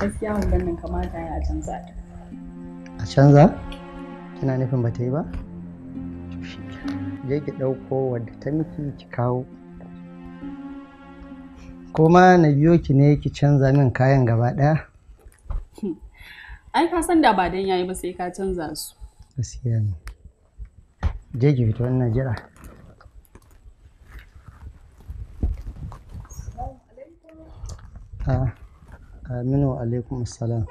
gaskiya hulan nan kamata ya canza ta a canza kina nufin bata yi ba je ki ɗauko wadda ta miki ki kawo kuma na biyo ki ne ki canza min kayan gaba ɗaya ai ka san da ba dan yayi ba sai ka canza su gaskiya ne je ki fita wannan jira Ah. Aminu alaikum assalam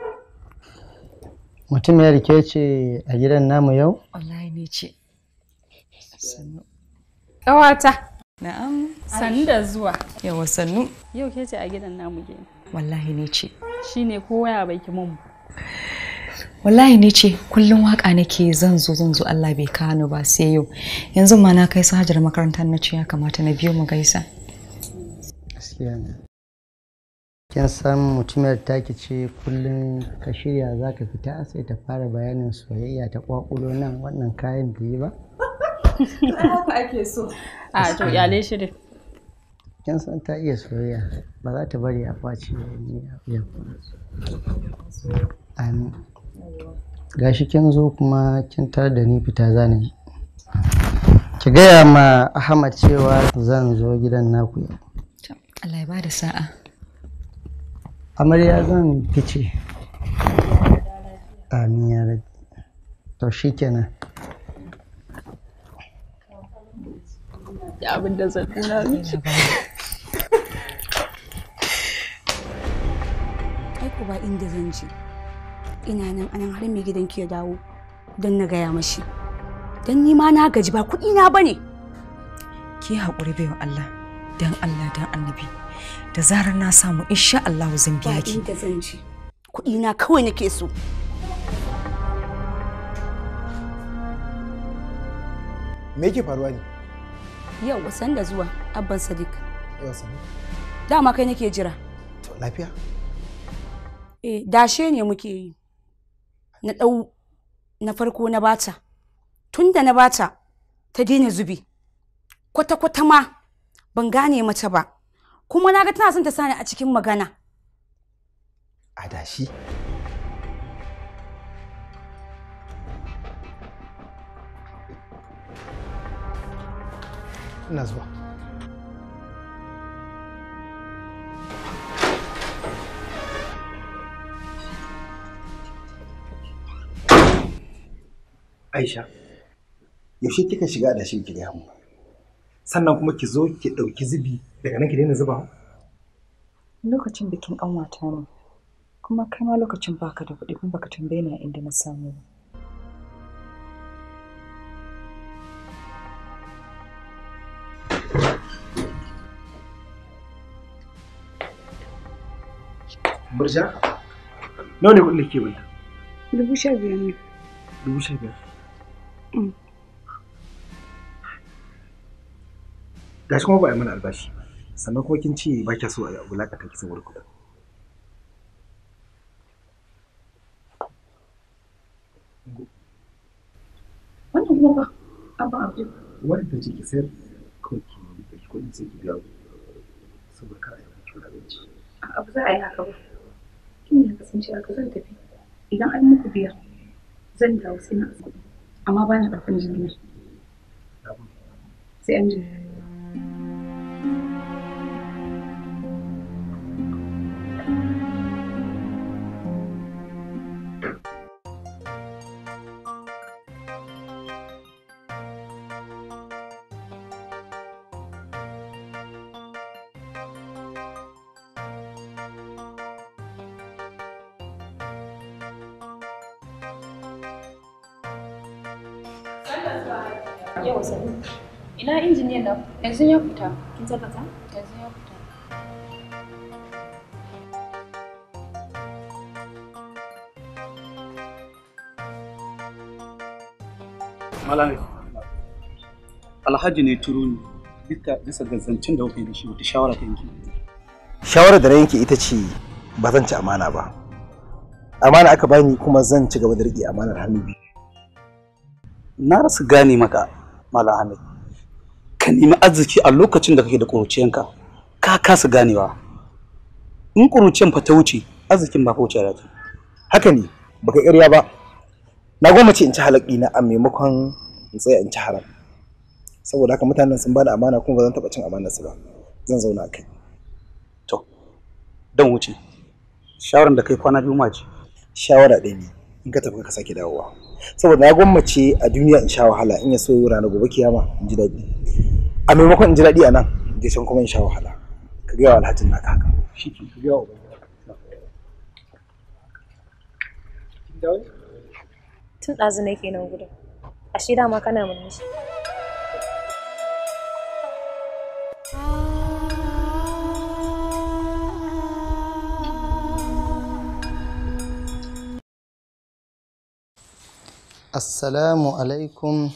Mutum ya rike ce a gidan namu yau? Wallahi ne ce. Sannu. Ƙawata. Na'am. Sannu da zuwa. Yawa sannu. Yau ke ce a gidan namu ke. Wallahi ne ce. Shi ne kowa ya baiki mun. Wallahi ne ce kullum waka nake zan zo zan zo Allah bai kano ba sai yau. Yanzu ma na kai su hajar makarantar na ce ya kamata na biyo mu gaisa. kin san mutumiyar ke ce kullum ka shirya za ka fita sai ta fara bayanin soyayya ta kwakulo nan wannan kayan biyu ba haka ake so a to yale shiri kin san ta iya soyayya ba za ta bari a face ni ya amin gashi kin zo kuma kin tar da ni fita zanayi ki gaya ma ahmad cewa zan zo gidan naku yau Allah ya da sa'a amarya zan fice amin to shi kenan abin da zan ba inda zan je ina nan anan har mai gidan ya dawo don na gaya mashi don nima na gaji ba kuɗi na bane ki haƙuri baiwa Allah don Allah don annabi da zarar na samu insha Allah zan biya ki da zan ci kuɗi na kawai nake so me yake faruwa ne yau wasan da zuwa abban sadiq yau sadiq dama kai nake jira to lafiya eh dashe ne muke yi na dau na farko na bata tunda na bata ta daina zubi kwata-kwata ma ban gane mace ba kuma na ga tana son ta sani a cikin magana. Adashi? Ina zuwa. Aisha, yaushe kika shiga da ki gaya mu? sannan kuma ki zo ki ɗauki zubi daga nan ki daina zuba lokacin bikin ƙanwata ne kuma kai ma lokacin baka da kuɗi kuma baka tambaye ni inda na samu ba Murja? Nawa ne kuɗin da ke banta? Dubu sha biyar ne. Dubu sha biyar? Mm. gashi kuma ba a mana albashi sannan kuma kin ce ba kya so a wulakata ki saboda kuɗi wannan kuma ba abu abu wani ta ce ki sayar kawai ki da ki kuɗin sai ki biya ku saboda kar a yi kuɗin abinci abu za a yi haka ba kin yi haka sun ce haka zan tafi idan an muku biya zan dawo sai na amma ba na ɗaukan jirgin sai an jirgin Yanzu ya fita. Kin tabbata? Yanzu ya fita. Malami. Alhaji ne turu ne duka bisa ga zancen da kuka yi da shi wata shawara ta yanki. Shawarar da na yanke ita ce ba zan ci amana ba. Amana aka bani kuma zan ci gaba da rike amanar hannu biyu. Na rasa gane maka Malam Ahmed. ka nemi arziki a lokacin da kake da ƙuruciyanka ka kasa ganewa in ƙuruciyan fa ta wuce arzikin ba fa wuce ta. haka ne baka ƙarya ba na goma ce in ci halak na a maimakon in tsaya in ci haram saboda haka mutanen sun bani amana kuma ba zan taɓa cin amanar su ba zan zauna a kai to dan wuce shawaran da kai kwana biyu ma ce shawara ɗaya ne in ka tafi ka sake dawowa saboda na gwammace a duniya in sha wahala in ya so rana gobe kiyama in ji daɗi a maimakon in ji daɗi a nan je can kuma in sha wahala ka gaya wa alhajin na haka ka haka. tun ɗazu nake nan gudun ashe dama kana murmushi assalamu alaikum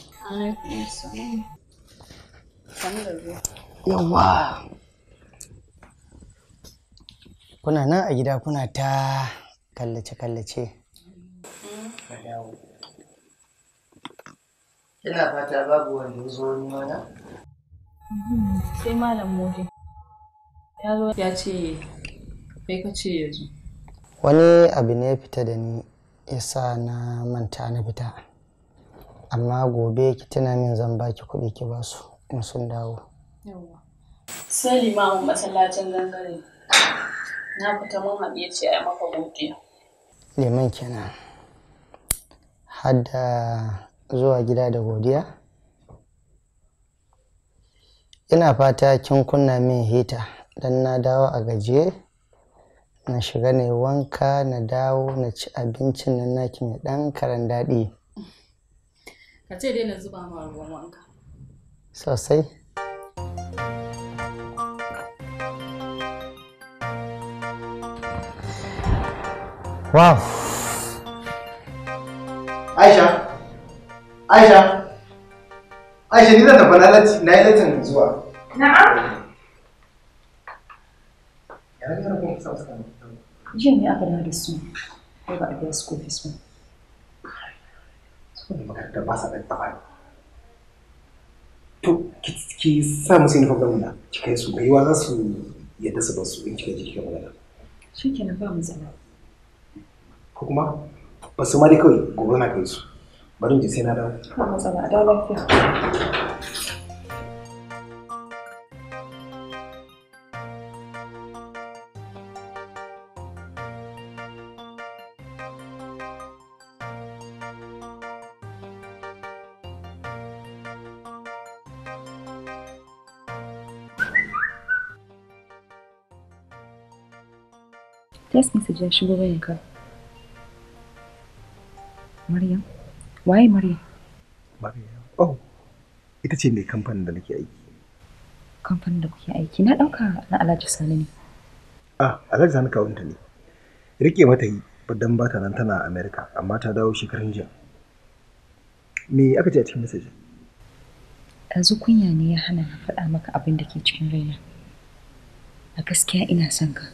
yawa kuna nan a gida kuna ta kallace-kallace ina fata babu wanda ya zo wani mana sai malam mode ya zo ya ce kai ka ce ya zo wani abu ne ya fita da ni yasa na manta na fita amma gobe ki tuna min zan ki kuɗi ki ba su in sun dawo sai limamin masallacin gangare na fita mun haɗe ce a maka godiya liman kenan hadda zuwa gida da godiya ina fata kin kunna min hita dan na dawo a gajiye na shiga na wanka na dawo na ci abincin nan naki mai ɗan karan daɗi ka ce dai na zuba ma ruwan wanka sosai wow aisha aisha aisha ni zan tafi na yi latin zuwa na'am yarinyar ne jiya ne aka dawo da su ko ba a biya su kofi su saboda makaranta ba sa ɗan taɓa to ki sa musu uniform ɗin wanda ki kai su mai yiwa za su yadda su ba su in kika je kika magana shi kenan ba matsala ko kuma ba su ma dai kawai gobe na kai su bari in je sai na dawo ba matsala a dawo lafiya text message ya shigo wayanka maryam waye maryam maryam oh ita ce mai kamfanin da nake aiki kamfanin da kuke aiki na ɗauka na alhaji sani ne ah alhaji sani kawunta ne rike mata yi don ba nan tana america amma ta dawo shekarun jiya me aka ce a cikin message yanzu kunya ne ya hana na faɗa maka abin da ke cikin raina a gaskiya ina son ka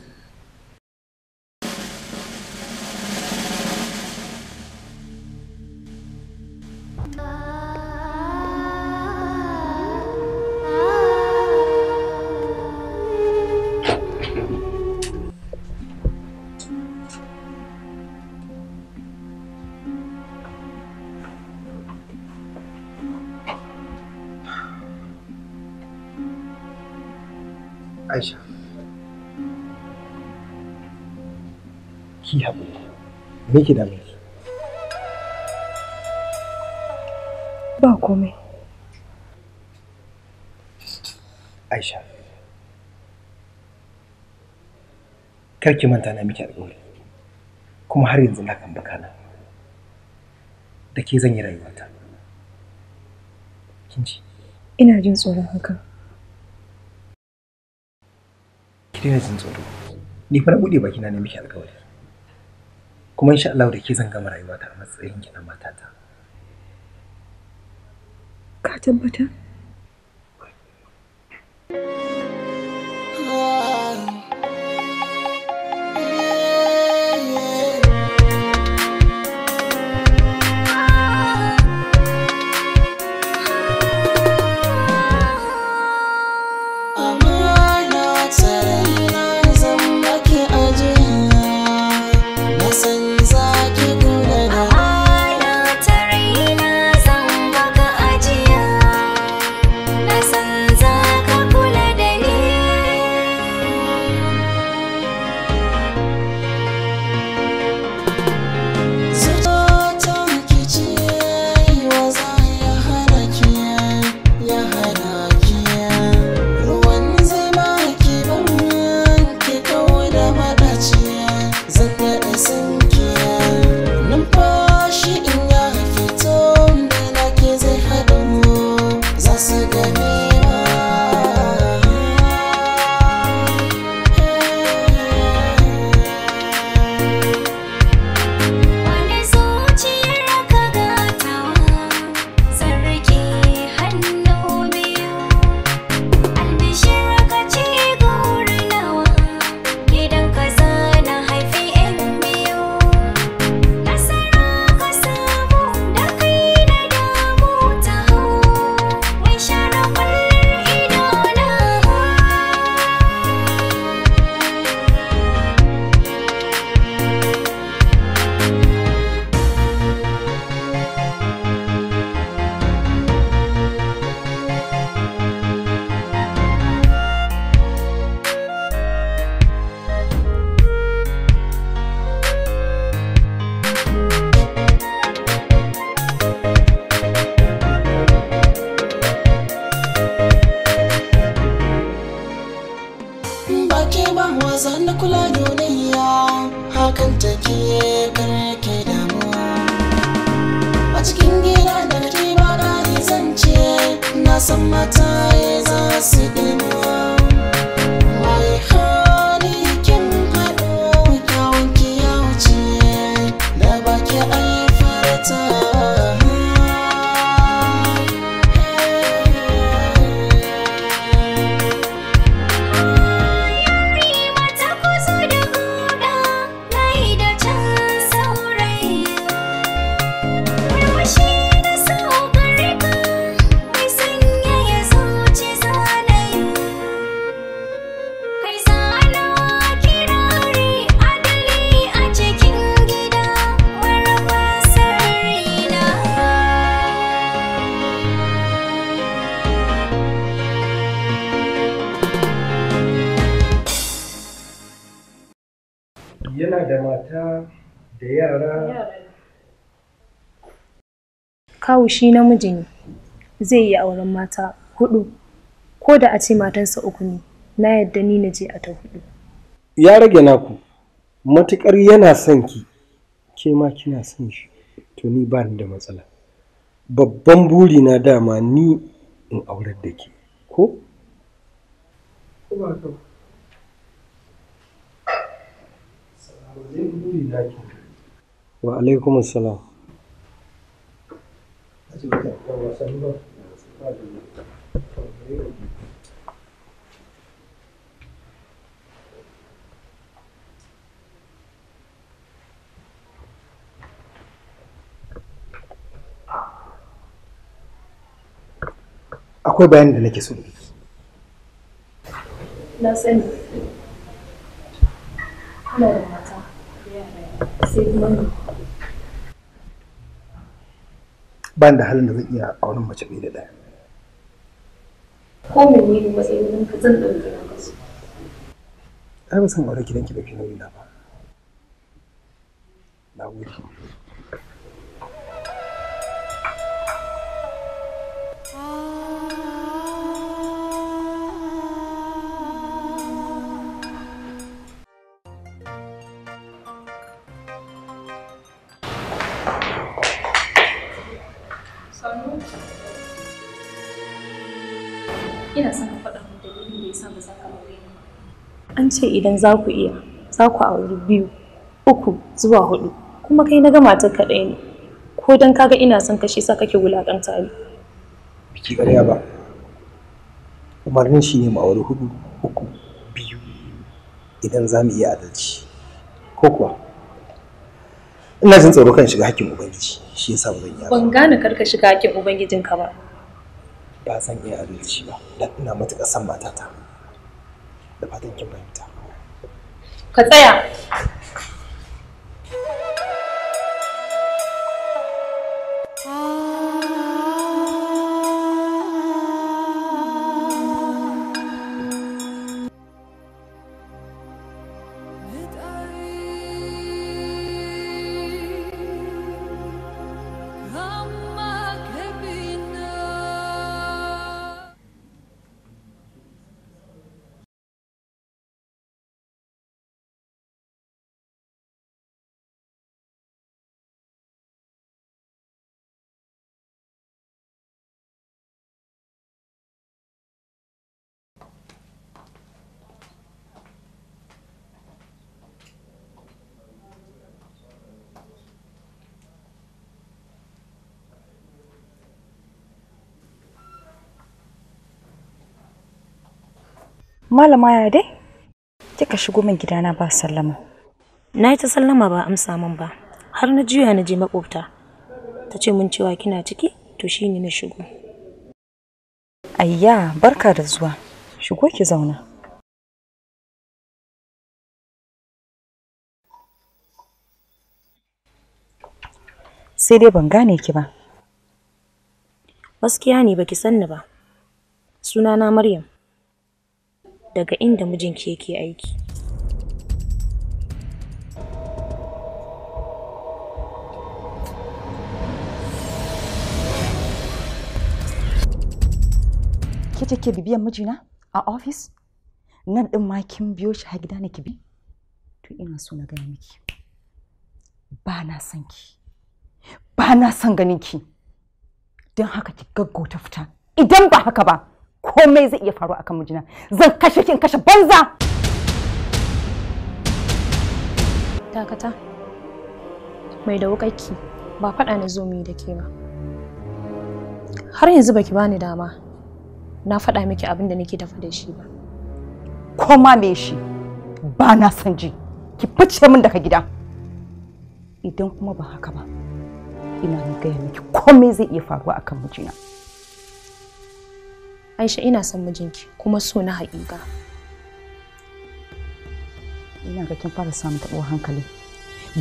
me da mai ba komai Aisha kar ki manta na miki alƙawari kuma har yanzu na kan bakana da ke zan yi rayuwata kin ji ina jin tsoron haka ki daina jin tsoro ni fa na bude baki na miki alƙawari kuma insha Allah da ke zan gama rayuwata a matsayin gidan matata ka tabbata shi namiji ne zai yi auren mata hudu ko da a ce matansa uku ne na yadda ni na je a ta hudu ya rage naku matukar yana son ki ke ma kina son shi to ni ba ni da matsala babban buri na dama ni in aurar da ke ko wa alaikum salam. akwai bayan da nake so da biki na sani ina da mata sai kuma ban da halin da zan iya auren mace bai da ɗaya. Ko mene ne matsayin ka zan ɗauke na kasu? Ai ba san aure gidanki da fi nauyi ba. Na gode. ce idan za ku iya za ku auri biyu uku zuwa hudu kuma kai na gama ta ka ne ko dan kaga ina son ka shi sa kake wulakanta ni biki ƙarya ba umarnin shi ne mu auri hudu uku biyu idan za mu iya adalci ko kuwa ina jin tsoro kan shiga hakkin ubangiji shi yasa ba zan yi ban gane karka shiga hakkin ubangijinka ba ba san iya adalci ba dan ina matuƙar son matata da fatan kin fahimta ka tsaya Malama ya dai? Kika shigo min gidana ba sallama. Na yi ta sallama ba amsa min ba. Har na juya na je maƙwabta. Ta ce min cewa kina ciki, to shine na shigo. Ayya, barka da zuwa. Shigo ki zauna. Sai dai ban gane ki ba. Gaskiya ne baki sanni ba. Sunana Maryam. daga inda mijinki yake aiki. Ke ce bibiyan mijina a ofis? Nan ɗin ma kin biyo shi har gida ne ki bi? To ina so na gaya miki. Ba na son ki. Ba na son ganin ki. Don haka ki gaggauta fita. Idan ba haka ba, komai zai iya faru akan mijina zan kashe kin kashe banza dakata mai da wukarki ba faɗa na zo mu da ke ba har yanzu baki bani dama na faɗa miki abin da nake tafi da shi ba koma me shi ba na san ji ki fice min daga gida idan kuma ba haka ba ina gaya miki komai zai iya faruwa akan mijina. Aisha ina son mijinki kuma so na haƙiƙa. Ina ga kin fara samun taɓo hankali.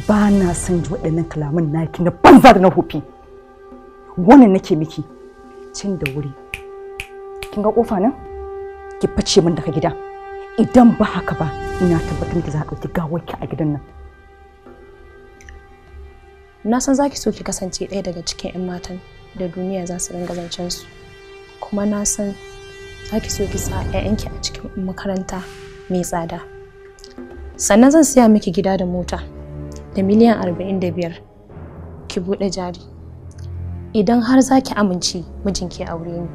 Ba na son ji waɗannan kalaman naki na banza da na hofi Wannan nake miki cin da wuri. Kin ga ƙofa nan? Ki fice min daga gida. Idan ba haka ba ina tabbatar ki za ka ɗauki gawarki a gidan nan. Na san za ki so ki kasance ɗaya daga cikin 'yan matan da duniya za su ringa zancen su. kuma na san za ki so ki sa 'ya'yanki a cikin makaranta mai tsada sannan zan siya miki gida da mota da miliyan arba'in da biyar ki buɗe jari idan har za ki amince mijinki aure ni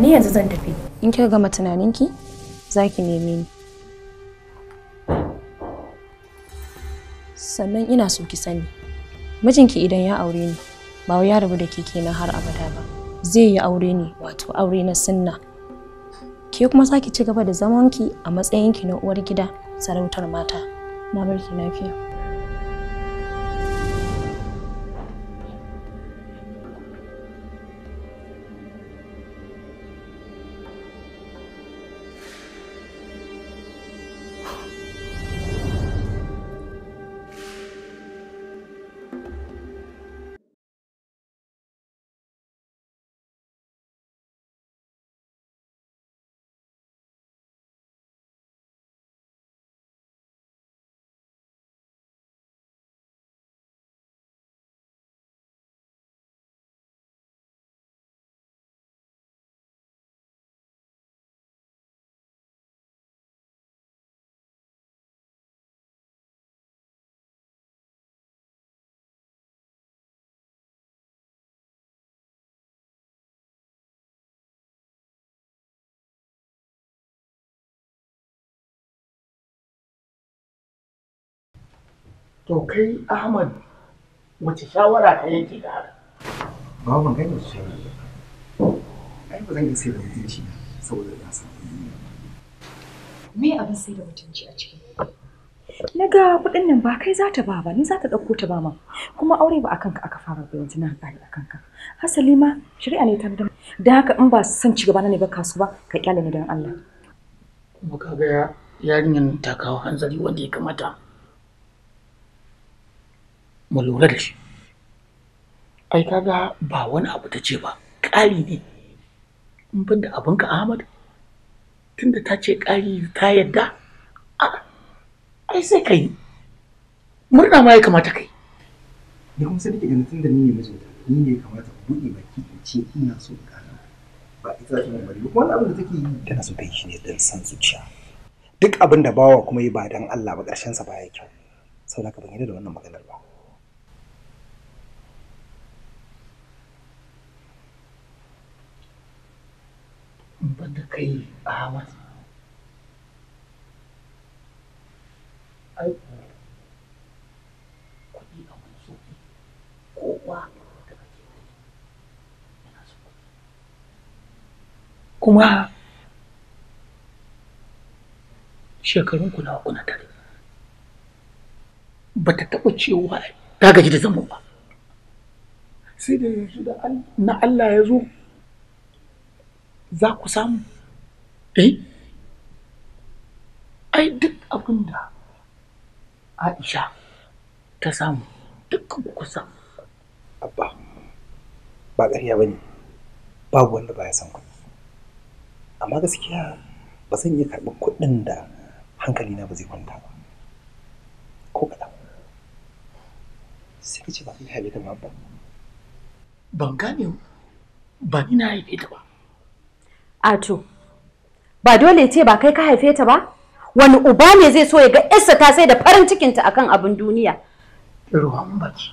ni yanzu zan tafi in kika gama tunaninki za ki neme ni sannan ina so ki sani mijinki idan ya aure ni ba wai ya rabu da ke kenan har abada ba zai yi aure ni wato aure na sunna ke kuma za ci gaba da zamanki a matsayinki na uwar gida sarautar mata na barki lafiya To kai Ahmad wace shawara ka yanke da haka? Ba ban gani su shawara. Ai ba zan yi sai da mutunci saboda ya san Me abin sai da mutunci a cikin? Na ga kuɗin nan ba kai za ta ba ba ni za ta ɗauko ta ba ma kuma aure ba akan ka aka fara ba yanzu na hankali akan ka hasali ma shari'a ne ta da da haka in ba san ci gaba na ne ba kasu ba ka kyale ni don Allah. kuma ka ga yarinyan ta kawo hanzari wanda ya kamata. mu lura da shi ai kaga ba wani abu ta ce ba ƙari ne in banda da abinka ahmad tunda ta ce ƙari ta yadda ai sai ka yi murna ma ya kamata kai da kuma sai da ganin tunda ni ne mijinta ni ne ya kamata ku buɗe baki in ce ina so in gana ba ita ta mun bari Wani abin da take yi tana so ta yi shi ne dan san zuciya duk abin da bawa kuma yi ba dan Allah ba karshen sa ya kyau da ka ban da wannan maganar ba Banda da kai Ahmad. Ai, kuɗi a wani soki, kowa da kake gani yana so kuɗi. Kuma shekarun ku nawa kuna tare. Ba ta taɓa cewa ta gaji da zaman ba. Sai da yanzu da na Allah ya zo za ku samu eh ai duk abin da aisha ta samu dukkan ku samu abba ba ƙarya ba ne babu wanda ba ya san kuɗi amma gaskiya ba zan iya karɓar kuɗin da hankali na ba zai kwanta ba ko kaɗan sai ka ce ba kai haife ta ba ban gane ba ni na haife ta ba Ato, ba dole ce ba kai ka haife ta ba? Wani uba ne zai so ya ga yarsa ta sai da farin cikinta akan abin duniya? Ruwan baki.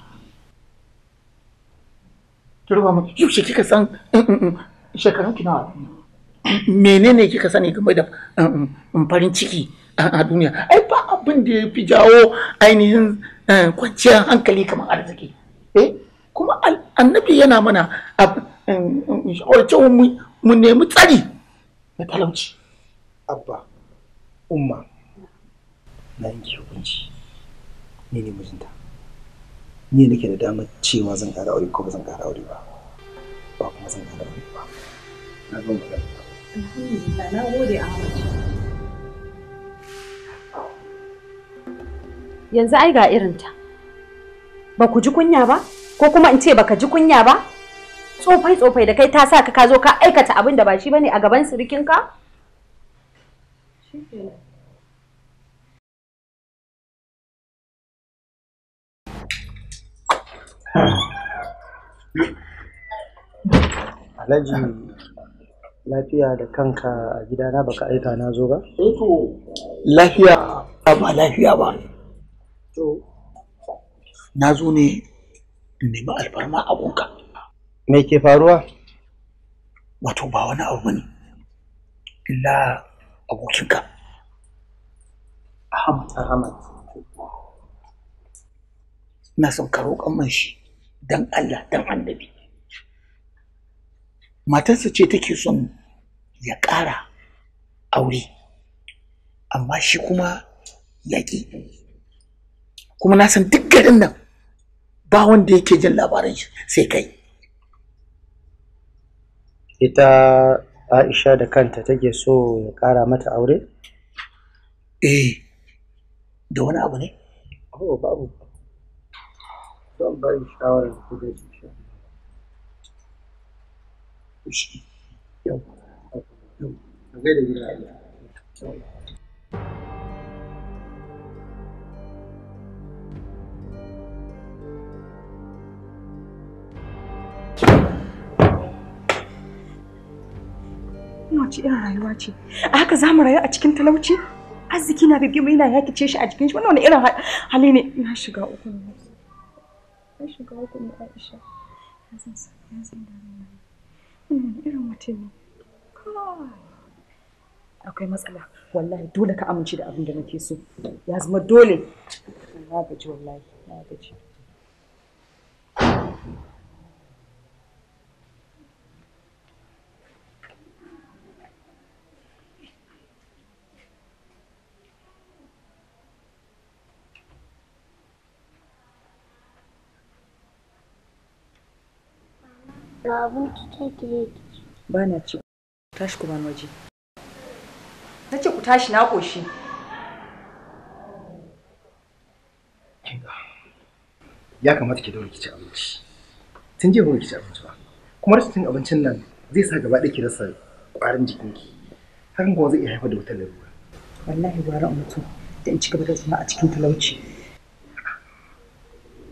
baki. Yau kika san mm, mm, mm, shekarun ki nawa? Menene kika sani game da farin ciki a duniya? Ai ba abin da ya fi jawo ainihin eh, kwanciyar hankali kamar arziki. Eh? Kuma annabi yana mana shawarcin mu nemi tsari na talauci abba umma na yanke hukunci ni ne mijinta ni nake da damar cewa zan ƙara aure ko ba zan ƙara aure ba ba kuma zan ƙara aure ba na zo na gode yanzu ai ga irinta ba ku ji kunya ba ko kuma in ce baka ji kunya ba tsofai tsofai da kai ta sa ka zo ka aikata abin da ba shi bane a gaban sirikinka Alhaji lafiya da kanka a gidana baka aika na zo ba? Eh lafiya ba lafiya ba. Na zo ne in nemi alfarma abunka. me ke faruwa wato ba wani abu ne illa abokinka ahmad ahmad ina son ka kan man shi dan Allah dan annabi matarsa ce take son ya ƙara aure amma shi kuma yaƙi kuma na san duk garin nan ba wanda yake jin labarin sai kai ita aisha da kanta take so ya kara mata aure? eh da wani abu ne? oh babu don bari shawarar da yau yau gida wace irin rayuwa ce a haka za mu rayu a cikin talauci arziki na bibi mu yana yakice shi a jikin shi wannan wani irin hali ne na shiga uku ne na shiga uku ne Aisha na san sa na san da wannan irin mutum ne akwai matsala wallahi dole ka amince da abin da nake so ya zama dole na gaji wallahi na gaji Ga abinci take Ba na ci. Tashi kuma waje. Na ce ku tashi na ƙoshi. Ya kamata ki daure ki ci abinci. Tun jiya ba ki ci abinci ba. Kuma rashin abincin nan zai sa gaba ɗaya ki rasa ƙwarin jikinki. Hakan kuma zai iya haifar da wata larura. Wallahi gwara mutum da in ci gaba da zama a cikin talauci.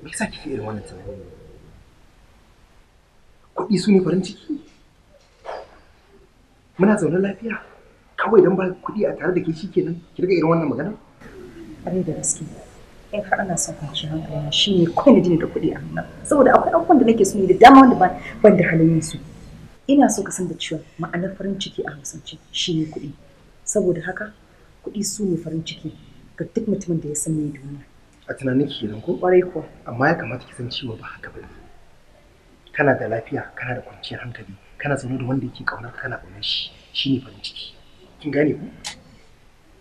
Me yasa kike irin wannan tunanin? kuɗi su ne farin ciki muna zaune lafiya kawai don ba kuɗi a tare da ke shi kenan ki riga irin wannan magana kare da gaske in fa ana son kwanciyar hankali na shi ne kawai na jini da kuɗi a hannu saboda akwai abubuwan da nake so ne da dama wanda ban da halin su ina so ka san da cewa ma'anar farin ciki a hausance shi ne kuɗi saboda haka kuɗi su ne farin ciki ga duk mutumin da ya san me duniya a tunanin ki kenan ko kwarai ko amma ya kamata ki san cewa ba haka ba ne kana da lafiya kana da kwanciyar hankali kana zaune da wanda yake kaunar kana kaunar shi shine farin ciki kin gane ku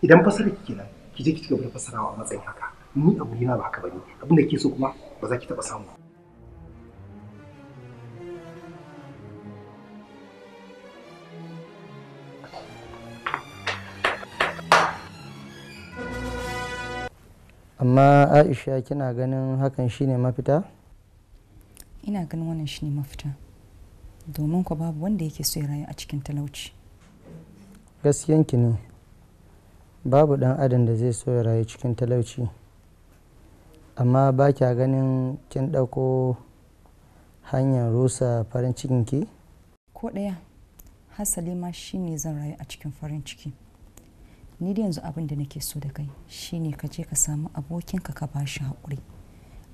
idan fasara ki kenan ki je ki cigaba da fasarawa a matsayin haka ni a na ba haka bane abinda kike so kuma ba za ki taba samu amma aisha kina ganin hakan shine mafita ina ganin wannan shine mafita domin ku babu wanda yake so ya rayu a cikin talauci gaskiyanki ne babu dan adam da zai so ya rayu cikin talauci amma ba kya ganin kin ɗauko hanyar rusa farin cikinki ko ɗaya hasali ma shine zan rayu a cikin farin ciki ni da yanzu abin da nake so da kai shine ka je ka samu abokinka ka bashi hakuri.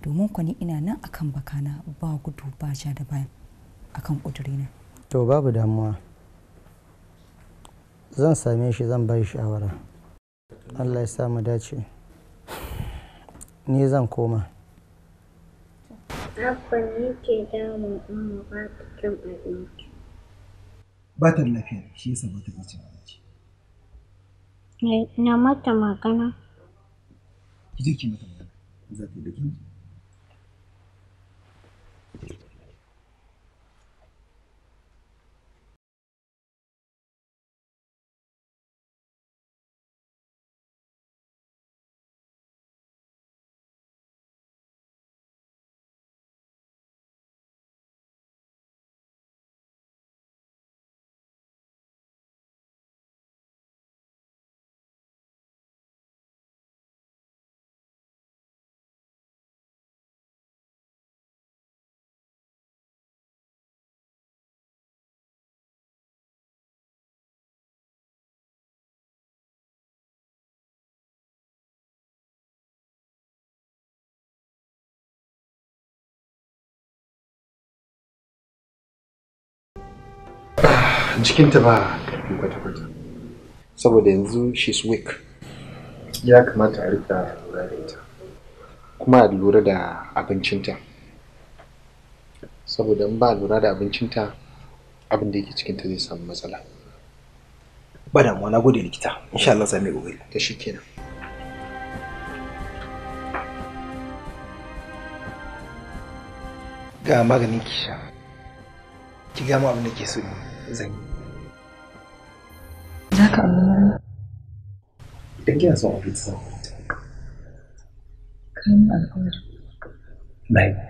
domin kwani ina nan akan bakana ba gudu ba ja da baya akan ƙudurina to babu damuwa zan same shi zan bai shawara allah ya sa mu dace ni zan koma abban yake damun amma ba ta kan abinci ba ta lafiya shi yasa ba ta cin abinci na mata magana ki je ki mata magana jikinta ba karfi kwata-kwata saboda yanzu she's weak ya kamata a rika lura da ita kuma a lura da abincinta saboda in ba lura da abincinta abin da yake cikinta zai samu matsala ba damuwa na gode likita insha Allah za mu yi ta shi kenan ga maganin kisha ki gama abin da ke so zan yi haka a Idan kina son Bye.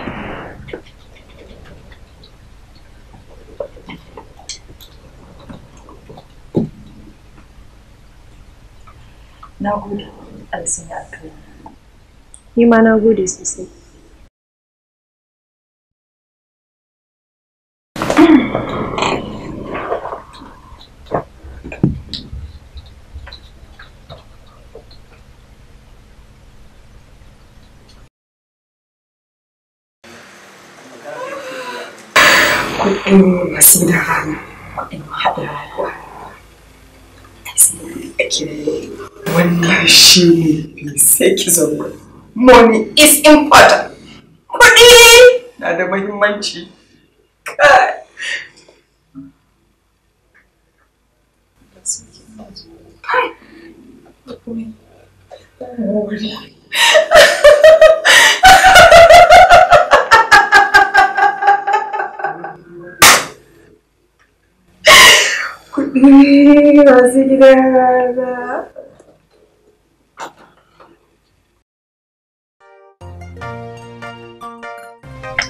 Alison ya fi. Ni ma na gode sosai. Chile, sai ki zauna. Money is important. Kuɗi na da muhimmanci. Kai. Kuɗi masu gidana.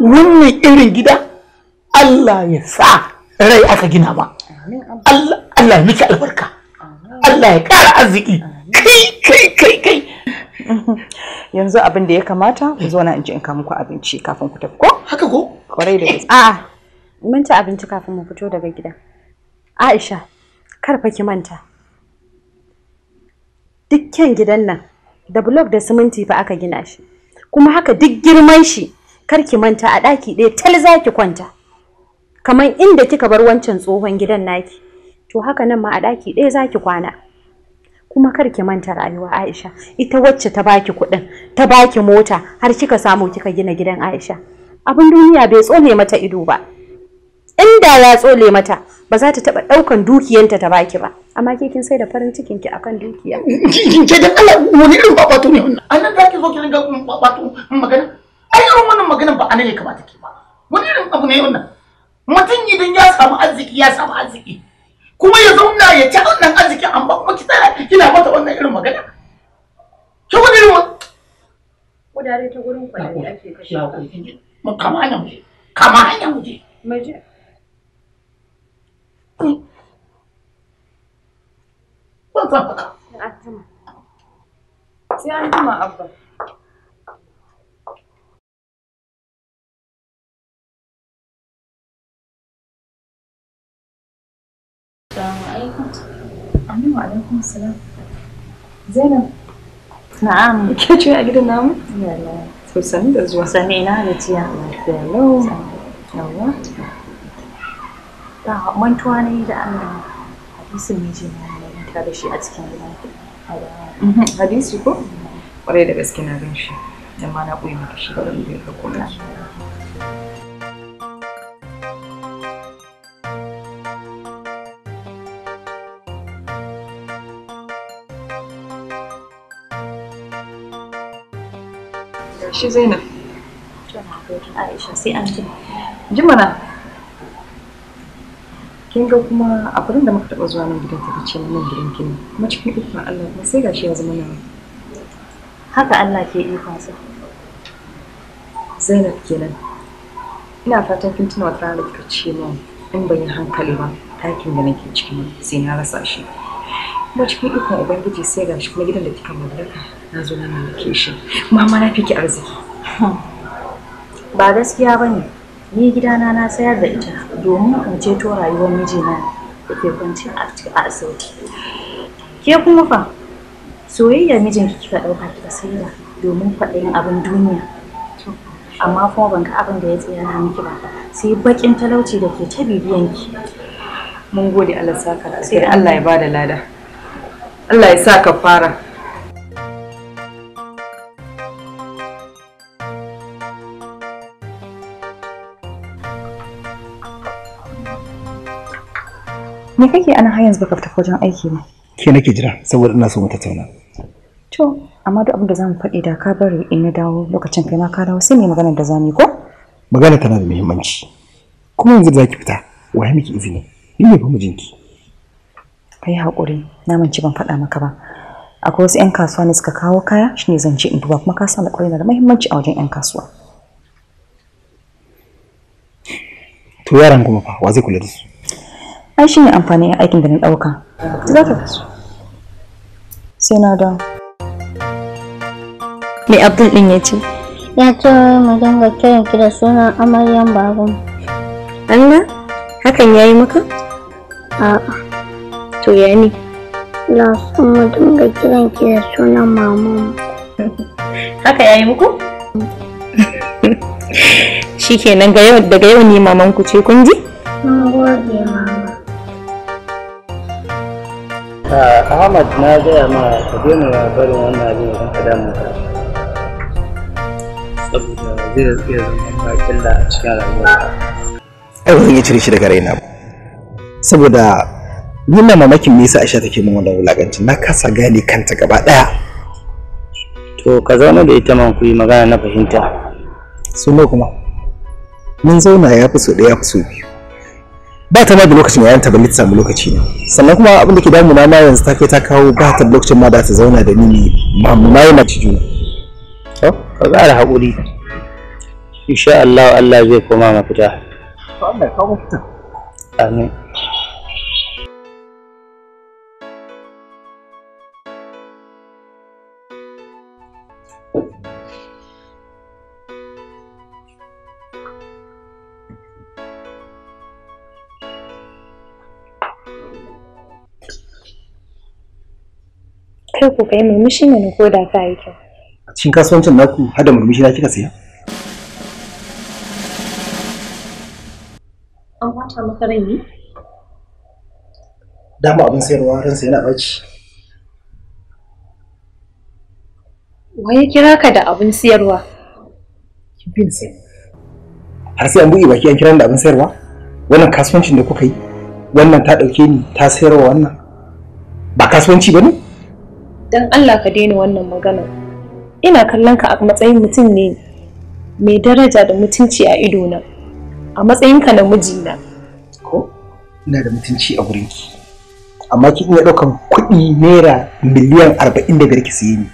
wannan irin gida Allah ya sa rai aka gina ba Allah ya miki albarka Allah ya ƙara arziki kai kai kai kai yanzu abin da ya kamata ku zo na in ka muku abinci kafin ku tafi ko haka ko kwarai da gaske a'a mun ci abinci kafin mu fito daga gida Aisha kar fa ki manta dukkan gidan nan da block da siminti fa aka gina shi kuma haka duk girman shi kar ki manta a ɗaki ɗaya tal za ki kwanta kamar inda kika bar wancan tsohon gidan naki to haka nan ma a ɗaki ɗaya za ki kwana kuma kar ki manta rayuwa Aisha ita wacce ta baki kuɗin ta baki mota har kika samu kika gina gidan Aisha abin duniya bai tsole mata ido ba inda ya tsole mata ba za ta taɓa ɗaukan dukiyanta ta baki ba amma ke kin sai da farin cikin ki akan dukiya kin ke da Allah wani irin babatu ne wannan annan da ki zo ki ringa babatu magana ai irin wannan maganin ba anan ne kamata ke ba wani irin abu ne wannan mutum idan ya samu arziki ya samu arziki kuma ya zauna ya ci wannan arziki amma kuma ki tsaya kina mata wannan irin magana ki wani irin wani kudare ta gurin kwadari ake kashe mu kama hanya muje kama hanya muje muje ban san faka sai an jima abba Assalamu alaikum. salam. Na'am. Ke ce a gidan namu? Yalla. sani da zuwa. Sani ina da jiya. Hello. Yawwa. Da mantuwa ne da Allah. Hadisin miji na ta da shi a cikin gidan. Mhm, hadisi ko? Kwarai da gaske na gan shi. Amma na ɓoye maka shi zainab aisha sai an ji mana. kin ga kuma a kudin da muka taɓa zuwa nan gidan ta ce nan gidan kin kuma cikin ikon Allah kuma sai gashi ya zama nan. haka Allah ke ikon sa Zainab kenan ina fatan kin tuna wata rana da kika ce min in ban yi hankali ba takin da nake cikin sai na rasa shi kuma cikin ikon ubangiji sai ga shi kuma gidan da kika mallaka na zo na mallake shi kuma na fi ki arziki ba gaskiya ba ne ni gidana na sayar da ita domin in ceto rayuwar mijina da ke kwanci a asibiti ke kuma fa mijin mijinki kika ɗauka kika sayar domin kwaɗayin abin duniya amma kuma ban ga abin da ya tsaya na miki ba sai bakin talauci da ke ta bibiyanki mun gode Allah saka sai Allah ya bada lada Allah ya sa ka fara Me kake ana har yanzu baka fita wajen aiki ba? Ke nake jira saboda ina so mu tattauna. To, amma duk abin da zamu faɗi da ka bari in na dawo lokacin kai ma ka dawo sai mu magana da zamu yi ko? Magana tana da muhimmanci. Kuma yanzu da zaki fita, waye miki izini? Ni ne fa mijinki. kai haƙuri na ci ban faɗa maka ba akwai wasu 'yan kasuwa ne suka kawo kaya ne zan ce in duba kuma ka san da na da muhimmanci a wajen 'yan kasuwa to yaran kuma fa wa zai kula da su ai amfani a aikin da na ɗauka za ka kasu sai na dawo me abdul din ya ce ya ce mu dinga kiran ki da sunan amaryan baban Allah hakan yayi maka a'a to ya ne na so mu dinga kiran ki da sunan maman haka yayi muku shikenan ga yau daga yau ne maman ku ce kun ji mun gode mama ah, Ahmad na gaya ma ka daina barin wannan abin idan ka damu ka saboda zai iya zama makilla a cikin rayuwa. Ai ba zan iya cire shi daga raina ba. Saboda Nuna mamakin me yasa Aisha take min wannan wulakancin na kasa gane kanta gaba daya. To ka zauna da ita man ku yi magana na fahimta. Suno kuma. Mun zauna ya fi so ɗaya ya fi so biyu. Ba ta ma da lokacin yayin ta balle ta samu lokaci ne Sannan kuma abin da ke damuna na yanzu ta kai ta kawo ba ta lokacin ma da ta zauna da ni ba mu ma yi mace juna. To ka ƙara haƙuri. Insha Allah Allah zai koma mafita. To Allah ka mafita. Amin. kyau ko kai murmushi ne ko da ka yi kyau Cin kasuwancin naku har da murmushi na kika siya an kwata maka rai ne dama abin sayarwa ransa yana ɓaci wai ya kira ka da abin sayarwa kin sai har sai an buɗe baki an kira da abin sayarwa wannan kasuwancin da kuka yi wannan ta ɗauke ni ta sayarwa wannan ba kasuwanci ba ne dan Allah ka daina wannan magana ina kallon ka a matsayin mutum ne mai daraja da mutunci a idona a matsayinka na mijina ko ina da mutunci a ki, amma ki iya ɗaukan kuɗi naira miliyan arba'in da biyar ki siye ni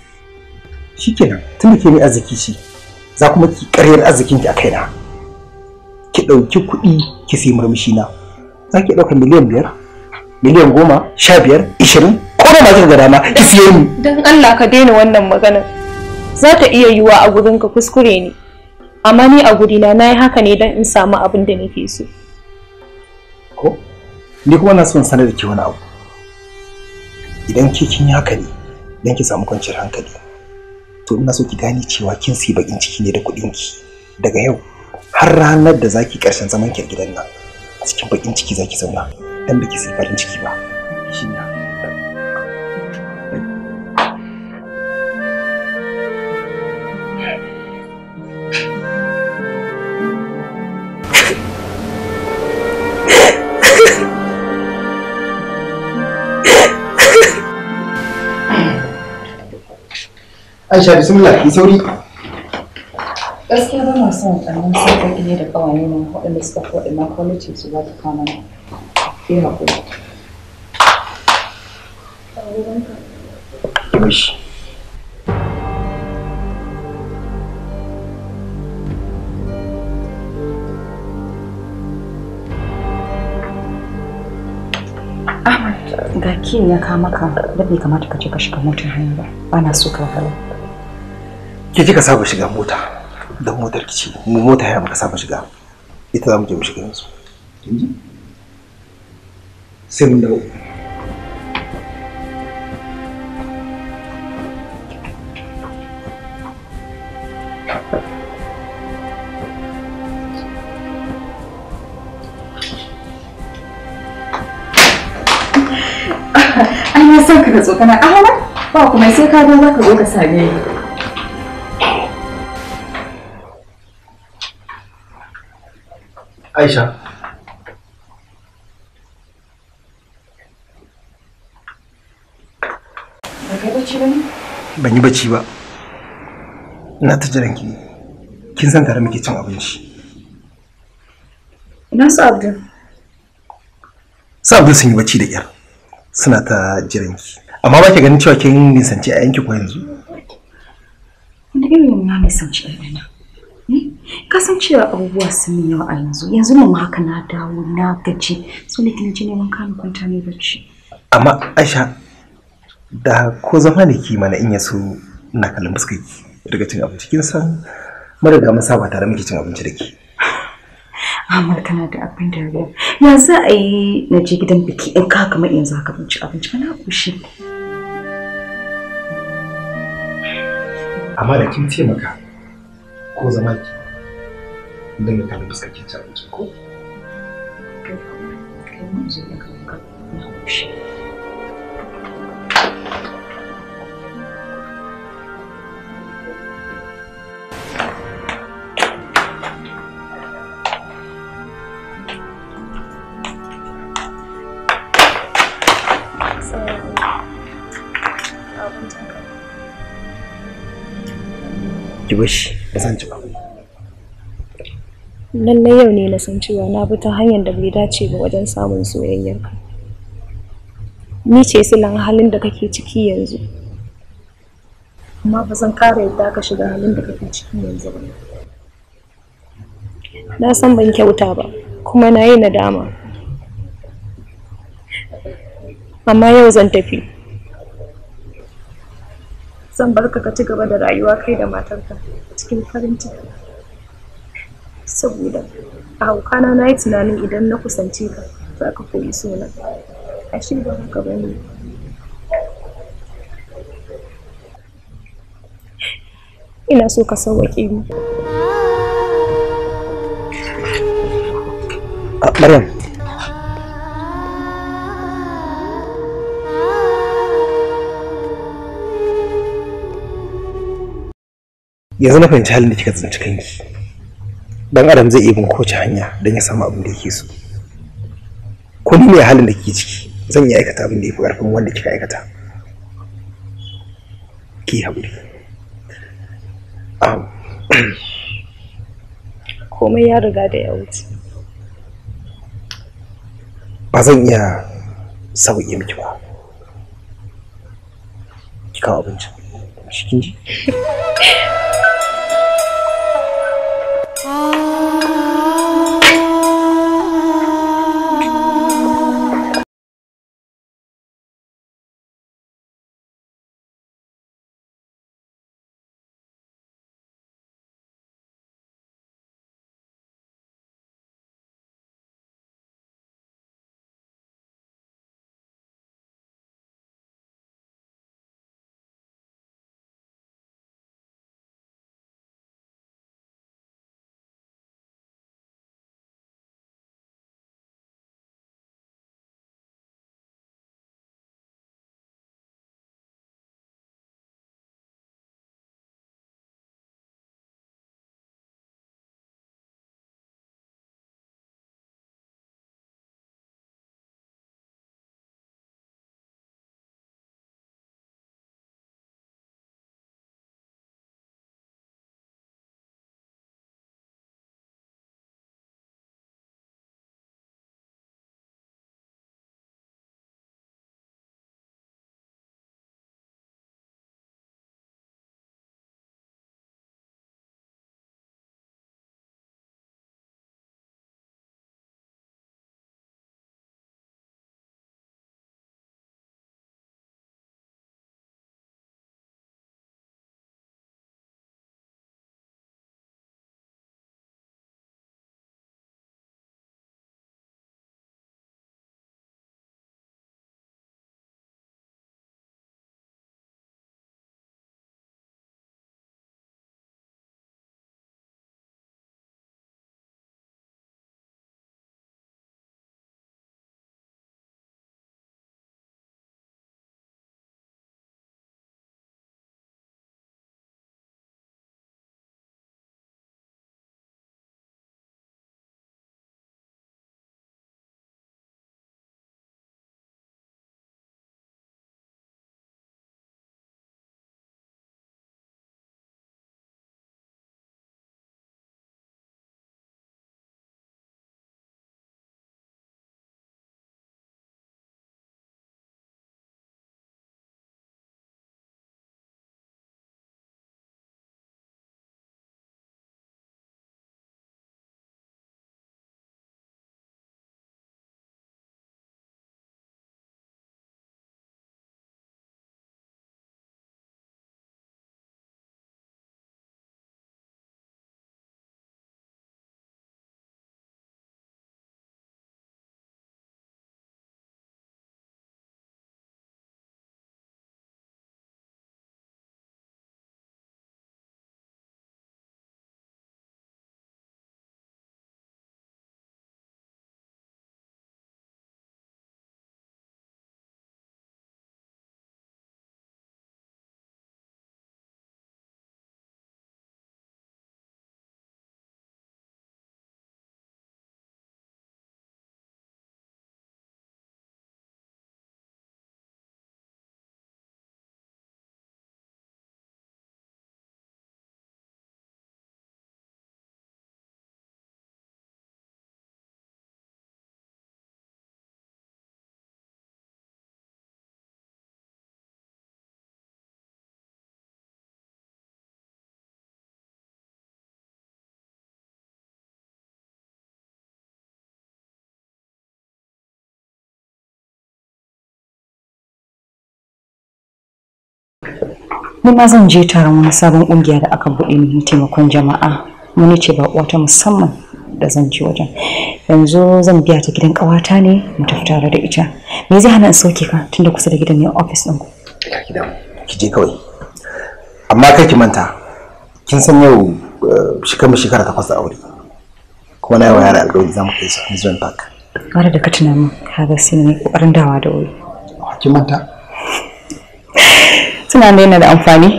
shikenan tun da ke mai arziki shi. za kuma ki ƙaryar arzikinki a kaina ki ɗauki kuɗi ki sai murmushi na za ki ɗauka miliyan biyar miliyan goma sha biyar ishirin ko da masu ga dama isiye ni don allah ka daina wannan maganar za ta iya yiwuwa a ka kuskure ne amma ni a guri na yi haka ne don in samu abin da nake so ko ni kuma na son sanar da ke wani abu idan ke kin yi haka ne don ki samu kwanciyar hankali to ina so ki gane cewa kin siyi bakin ciki ne da kuɗin ki daga yau har ranar da zaki ƙarshen zaman ki a gidan nan a cikin bakin ciki zaki zauna dan biki sai farin ciki ba Aisha bismillah ki sauri gaskiya ba na son ɗan nan sauƙaƙi ne da ƙawaye na waɗanda suka koɗi na kwalitin su za ta kama na sai haƙuri Thank ga ki ya ka maka da bai kamata ka je ka shiga motar hanya ba ba na so ka wahala ke kika saba shiga mota da motar kici mu mota haya muka saba shiga ita za mu je mu shiga yanzu sai mun dawo Ana son ka zo kana ahmad ba kuma sai ka zo za ka zo ka same ni aisha ban yi bacci ba ina ta jiran ki kin san tare muke cin abinci ina su abdul su abdul sun yi bacci da yar suna ta jiran ki amma ba ki ganin cewa kin nisanci a yanki ko yanzu wani irin na nisanci a yana eh, ka san cewa abubuwa sun yi yawa a yanzu yanzu nan haka na dawo na gaji so ne kin ji neman kanu kwanta ne bacci amma aisha da ko zama da ki mana in yaso ina kallon fuskar daga cin abinci kin san mara da masa ba tare muke cin abinci da ki Amar kana da abin da ya ya za a yi na je gidan biki in ka kamar yanzu haka ban ci abinci kana kushi amma da kin taimaka ko zama ki don ya kallon fuskar ki ci abinci ko Thank kushi ki bashi ya san ci ba lallai yau ne na san cewa na bi ta hanyar da bai dace ba wajen samun soyayyarka ni ce silan halin da kake ciki yanzu amma ba zan kare yadda ka shiga halin da kake ciki yanzu ba na san ban kyauta ba kuma na yi nadama amma yau zan tafi zan bar ka ka ci gaba da rayuwa kai da matarka cikin farin ciki saboda a haukana na yi tunanin idan na kusance ka za ka koyi suna shi ba haka ba ne ina so ka sauwaƙe ni yanzu na fahimci halin da kika tsinci kanki dan adam zai iya bin kowace hanya don ya samu abin da yake so ko ni ne halin da kike ciki zan iya aikata abin da ya fi ƙarfin wanda kika aikata ki haƙuri komai ya riga da ya wuce ba zan iya sauƙi miki ba ki kawo abinci. shi kin ji Ni ma zan je taron wani sabon kungiya da aka buɗe min taimakon jama'a. Wani ce ba wata musamman da zan ci wajen. Yanzu zan biya ta gidan ƙawata ne mu tafi tare da ita. Me zai hana in sauke ka tunda kusa da gidan ne office din ku? Ina gidan. Ki je kawai. Amma kai ki manta. Kin san yau eh, shekara shekara takwas kwasa aure. Kuma na yawa yara alƙawari za mu kai su Amazon Park. Gwada da ka tuna kaga sai ne ƙoƙarin dawa da wuri. ki manta? suna da yana da amfani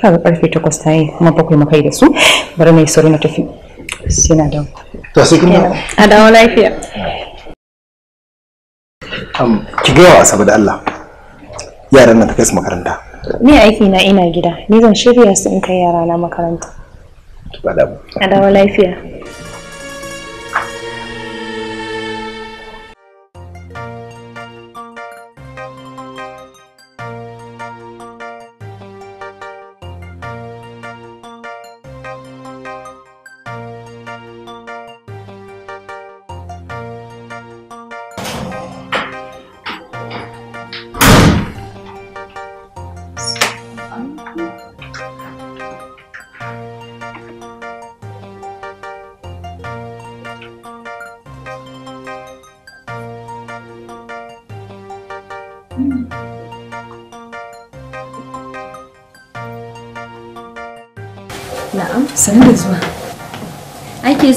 kaga karfe takwas ta yi kuma bakwai makai da su bari mai sauri na tafi sai na to sai kuma a dawo lafiya ki gawa wa da Allah yaran na ta kai su makaranta ni aiki na ina gida ni zan shirya su in kai yara na makaranta a dawo lafiya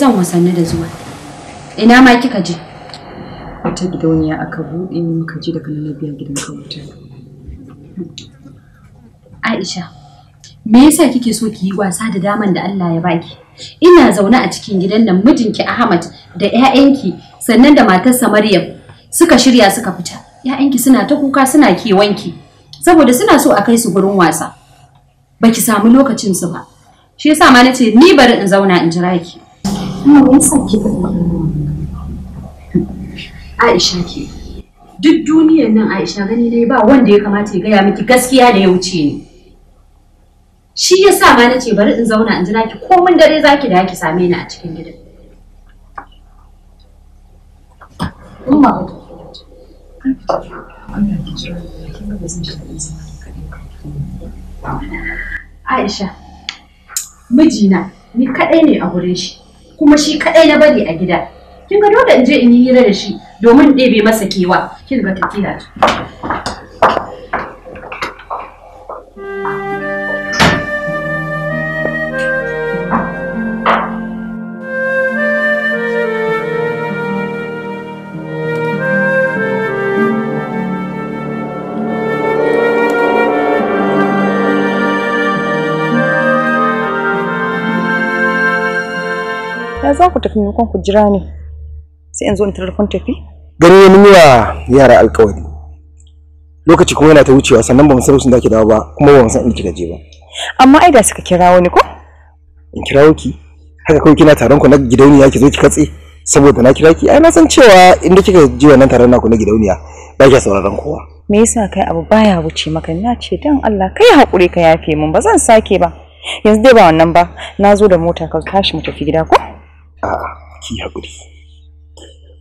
zan wasanni da zuwa. Ina ma kika je? Wata gidauniya aka buɗe muka ji daga nan biya gidan kawuta. Aisha, me yasa kike so ki yi wasa da daman da Allah ya baki? Ina zaune a cikin gidan nan mijinki Ahmad da 'ya'yanki sannan da matarsa Maryam suka shirya suka fita. 'Ya'yanki suna ta kuka suna kewanki saboda suna so a kai su gurin wasa. Baki samu lokacin su ba. Shi yasa ma nace ni bari in zauna in jira ki. kuma me yasa Aisha ke duk duniyar nan Aisha gani dai ba wanda ya kamata ya gaya miki gaskiya da ya wuce ni shi yasa ma nace bari in zauna in ji naki mun dare zaki da ki same ni a cikin gidan Umma Aisha mijina ni kaɗai ne a gurin shi kuma shi kadai na bari a gida kin ga dole in je in yi hira da shi domin ɗebe masa kewa kin ga tafiya ya za ku tafi maimakon ku jira ne sai in zo in tarar kun tafi gani ya nuna yara alƙawari, lokaci kuma yana ta wucewa sannan ba mu san sun da ke dawo ba kuma ba mu san inda kika je ba amma ai da suka kirawo ni ko in kirawo ki haka kawai kina taron ku na gidauniya ki zo ki katse saboda na kira ki ai na san cewa inda kika je wannan taron naku na gidauniya ba ki sauraron kowa me yasa kai abu baya wuce maka na ce dan Allah kai hakuri ka yafe mun ba zan sake ba yanzu dai ba wannan ba na zo da mota ka tashi mu tafi gida ko a'a ki haƙuri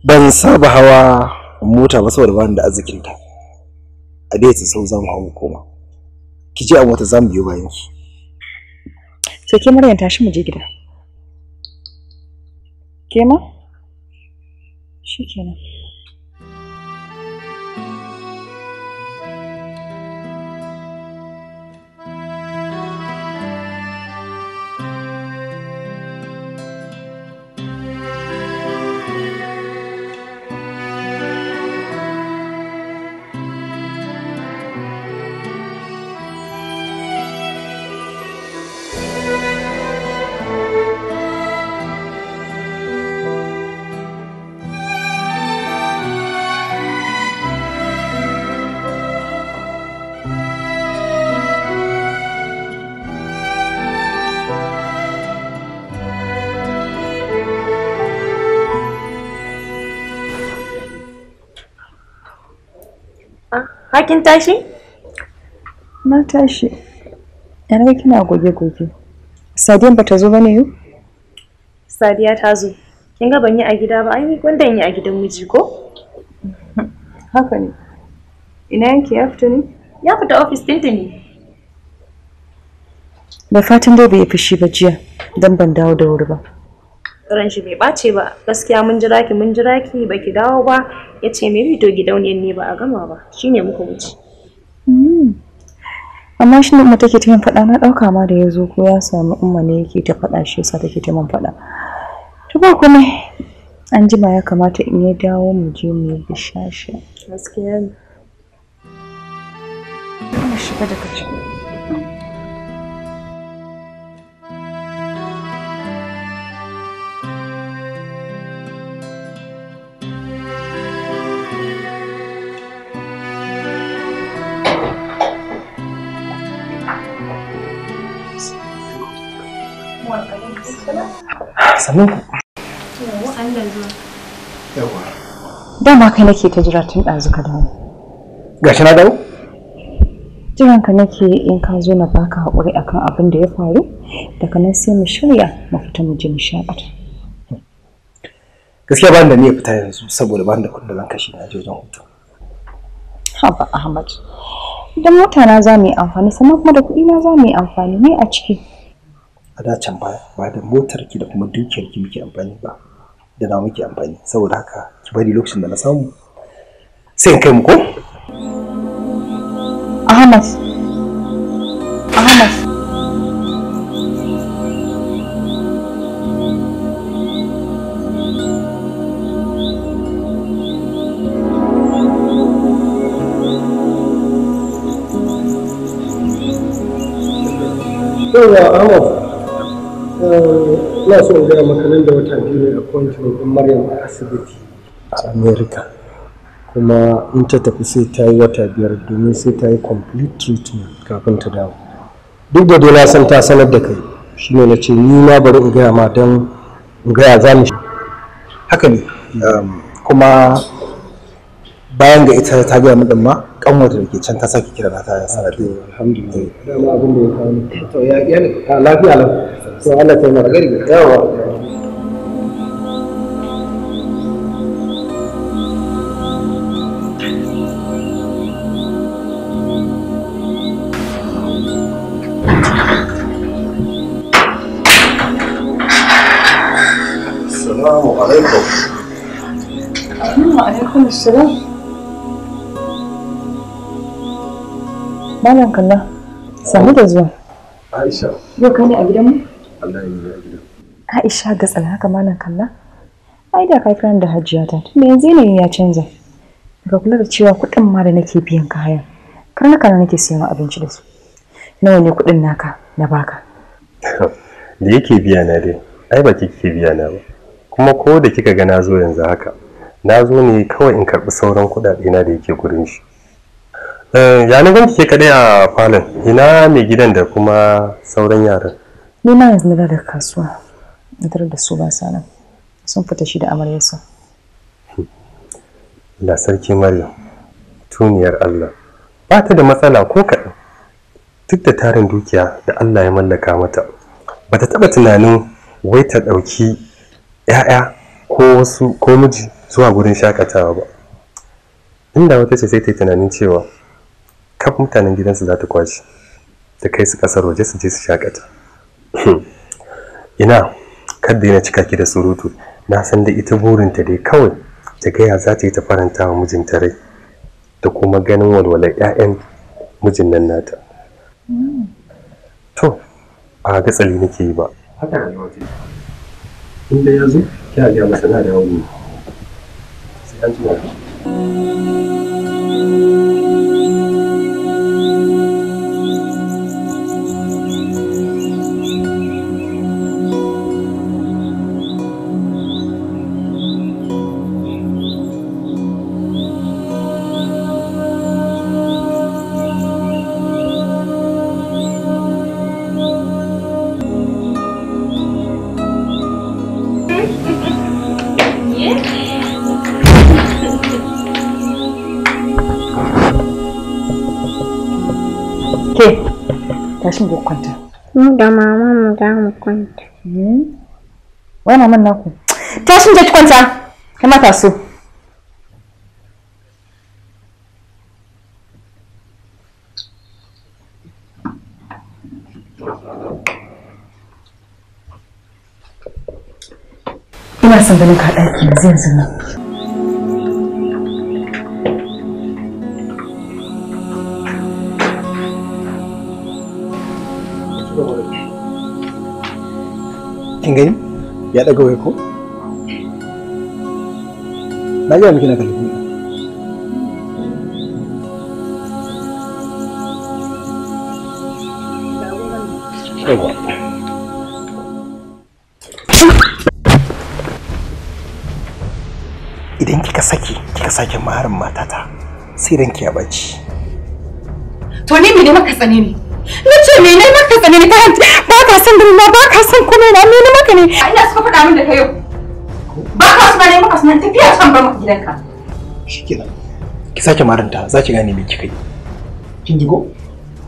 ban saba hawa mota ba saboda bani da arzikinta a dai ta sau zamu hawo koma ki je a mota zamu biyo bayan ki to ke Maryam tashi mu je gida ke ma shikenan kin tashi? Na tashi. Yana kina goge-goge. Sadiya ba ta zo ba ne yau? Sadiya ta zo. Kin ga ban yi a gida ba, ai wanda yi a gidan miji ko? Haka ne. Ina yanki ya fita ne? Ya fita ofis ɗinta ne. Da fatan dai bai fushi ba jiya, don ban dawo da wuri ba. ran shi bai bace ba gaskiya mun jira ki mun jira ki ba ki dawo ba ya ce me to gidauniyar ne ba a gama ba shine muka wuce hmm. amma shi ne take ta yin faɗa na ɗauka ma da ya zo ko ya samu umma ne yake ta faɗa shi sa take ta man faɗa to ba kuma an ma ya kamata in ya dawo mu je mu yi bishasha gaskiya ne shiga daga sannan ku dama kai nake ta jira tun ɗazu ka dawo gashi na dawo jiran ka nake in ka zo na baka haƙuri akan abin da ya faru daga nan sai mu shirya mu fita mu je mu shaƙata gaskiya ba da ni fita yanzu saboda ba da kuɗin da zan kashe na je wajen hutu haba ahmad idan mota na za mu yi amfani sannan kuma da kuɗi na za mu yi amfani ne a ciki a dacen baya ba da motar ki da kuma dukiyar ki muke amfani ba da na muke amfani saboda haka ki bari lokacin da na samu sai in kai mu ko Ahmad Ahmad Yau ya Ahmad ina su in gaya maka nan da wata biyu ne a kwanci ɗin maryam a asibiti a america kuma in ta tafi sai ta yi wata biyar domin sai ta yi complete treatment kafin ta dawo duk da dai na san ta sanar da kai ne na ce ni na bari in gaya ma don in gaya za mu haka ne um, kuma bayan ga ita ta gaya mu ma kanwata da ke can ta sake kira na ta sanadin alhamdulillah eh. dama abin da ya kawo to ya ah, lafiya lau to Allah ta mara gari yawa Assalamu alaikum. alaikum Malam kalla, sami da zuwa. Aisha. Yau ka ne a gidanmu? Allah ya a gidan. Aisha ga tsala haka malam kalla. Ai da kai da hajiya ta, me yanzu yanayin ya canza. Ga kula da cewa kuɗin ma da nake biyan kayan, kar na nake siyan abinci da su. Nawa ne kuɗin naka na baka? Da yake biya na dai, ai ba kike biya na ba. Kuma ko da kika ga na zo yanzu haka, na zo ne kawai in karɓi sauran kuɗaɗe na da yake gurin shi. Eh, ya ki ke kaɗai a falon ina mai gidan da kuma sauran yaran ni na yanzu na da kasuwa na tarar da su ba sanan sun fita shi da amaryarsa da sarki maryam tuniyar allah ba ta da matsala ko kaɗan duk da tarin dukiya da allah ya mallaka mata ba ta taɓa tunanin wai ta ɗauki 'ya'ya ko wasu ko miji zuwa gurin shakatawa ba inda wata ce sai ta yi tunanin cewa kaf mutanen gidansu za ta kwashi ta kai su kasar waje su je su shakata ina kadda yana cika ki da surutu na san da ita burinta dai kawai ta gaya za ta yi ta faranta wa mijinta rai da kuma ganin walwalar 'ya'yan mijin nan nata to a gatsali nake yi ba haka ne inda ya zo kya masana da sai an ji shin ku kwanta? Mu da mama mu da mu kwanta. Hmm? Wai maman naku? Tashin ki kwanta. mata so. Ina son ganin ka ɗaki yanzu yanzu nan. kin gani ya daga wai ko na ga miki na kalli idan kika saki kika sake maharin matata sai ranki ya baci to ni me ne maka tsane ne na ce me ne maka tsanani ta hanci ba ka san girma ba ka san komai na me ne maka ne a ina suka faɗa min da kai yau ba ka suna ne maka sunan tafiya san ba maka gidanka shikenan ki sake maranta za ki gane me kika yi kin ji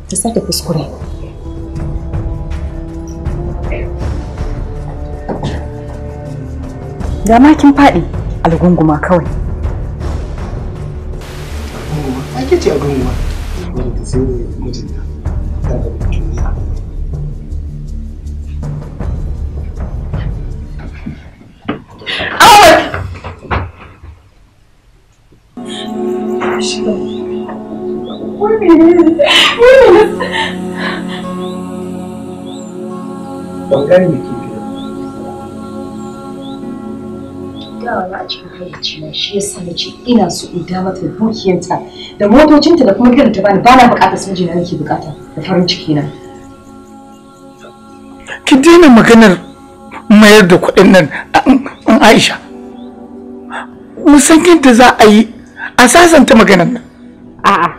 ki sake kuskure ga ma kin faɗi algunguma kawai algunguma ake ce algunguma wanda sai mutum Ban gane me ina wani a cikin hayyaci na shi ya na ce ina so in da mata dukiyanta da motocinta da kuma kiranta ba, bani ba na bukatar sun jina nake bukata da farin ciki na ki daina maganar mayar da kuɗin nan Aisha musan yadda za a yi a sasanta maganar nan a'a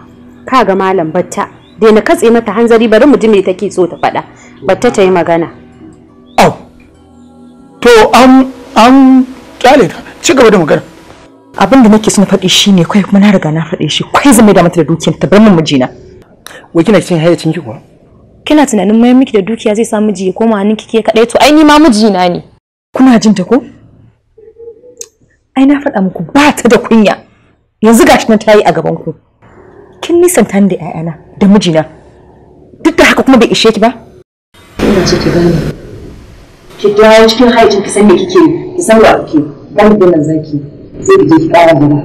kaga ga malam batta daina katse mata hanzari bari mu ji me take so ta faɗa batta ta yi magana au to an an kyale ka ci gaba da magana abin da nake son faɗi shi ne kai kuma na riga na faɗe shi kai zan da mata da dukiyar ta bar min mijina wai kina cikin hayyacin ki kuwa kina tunanin mai miki da dukiya zai samu miji ya koma hannun kike kadai to ai ni ma mijina ne kuna jin ta ko ai na faɗa muku ba ta da kunya yanzu gashi nan ta yi a gaban ku kin nisanta ni da 'ya'yana da mijina duk da haka kuma bai ishe ki ba ina so ki gane ki dawo cikin haicin ki san me kike yi ki san wa kike dan da nan zaki sai ki je ki fara gaba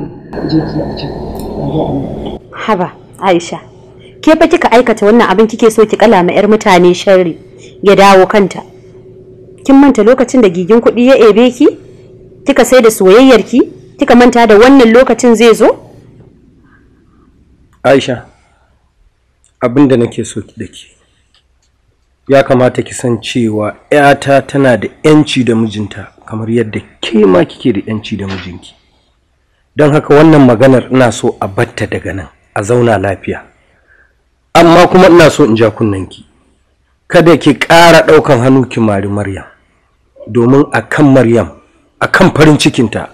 je ki a can haba Aisha ke fa kika aikata wannan abin kike so ki kala ma yar mutane sharri ya dawo kanta kin manta lokacin da gigin kuɗi ya ebe ki kika sai da soyayyar ki kika manta da wannan lokacin zai zo Aisha abin da nake so da ke ya kamata ki san cewa ‘yata tana da ‘yanci da mijinta kamar yadda ke ma kike da ‘yanci da mijinki. Don haka wannan maganar ina so a batta daga nan a zauna lafiya. Amma kuma ina so in ja kunnanki. Kada ki ƙara ɗaukan hannu ki mari Maryam, domin a kan Maryam, a kan farin cikinta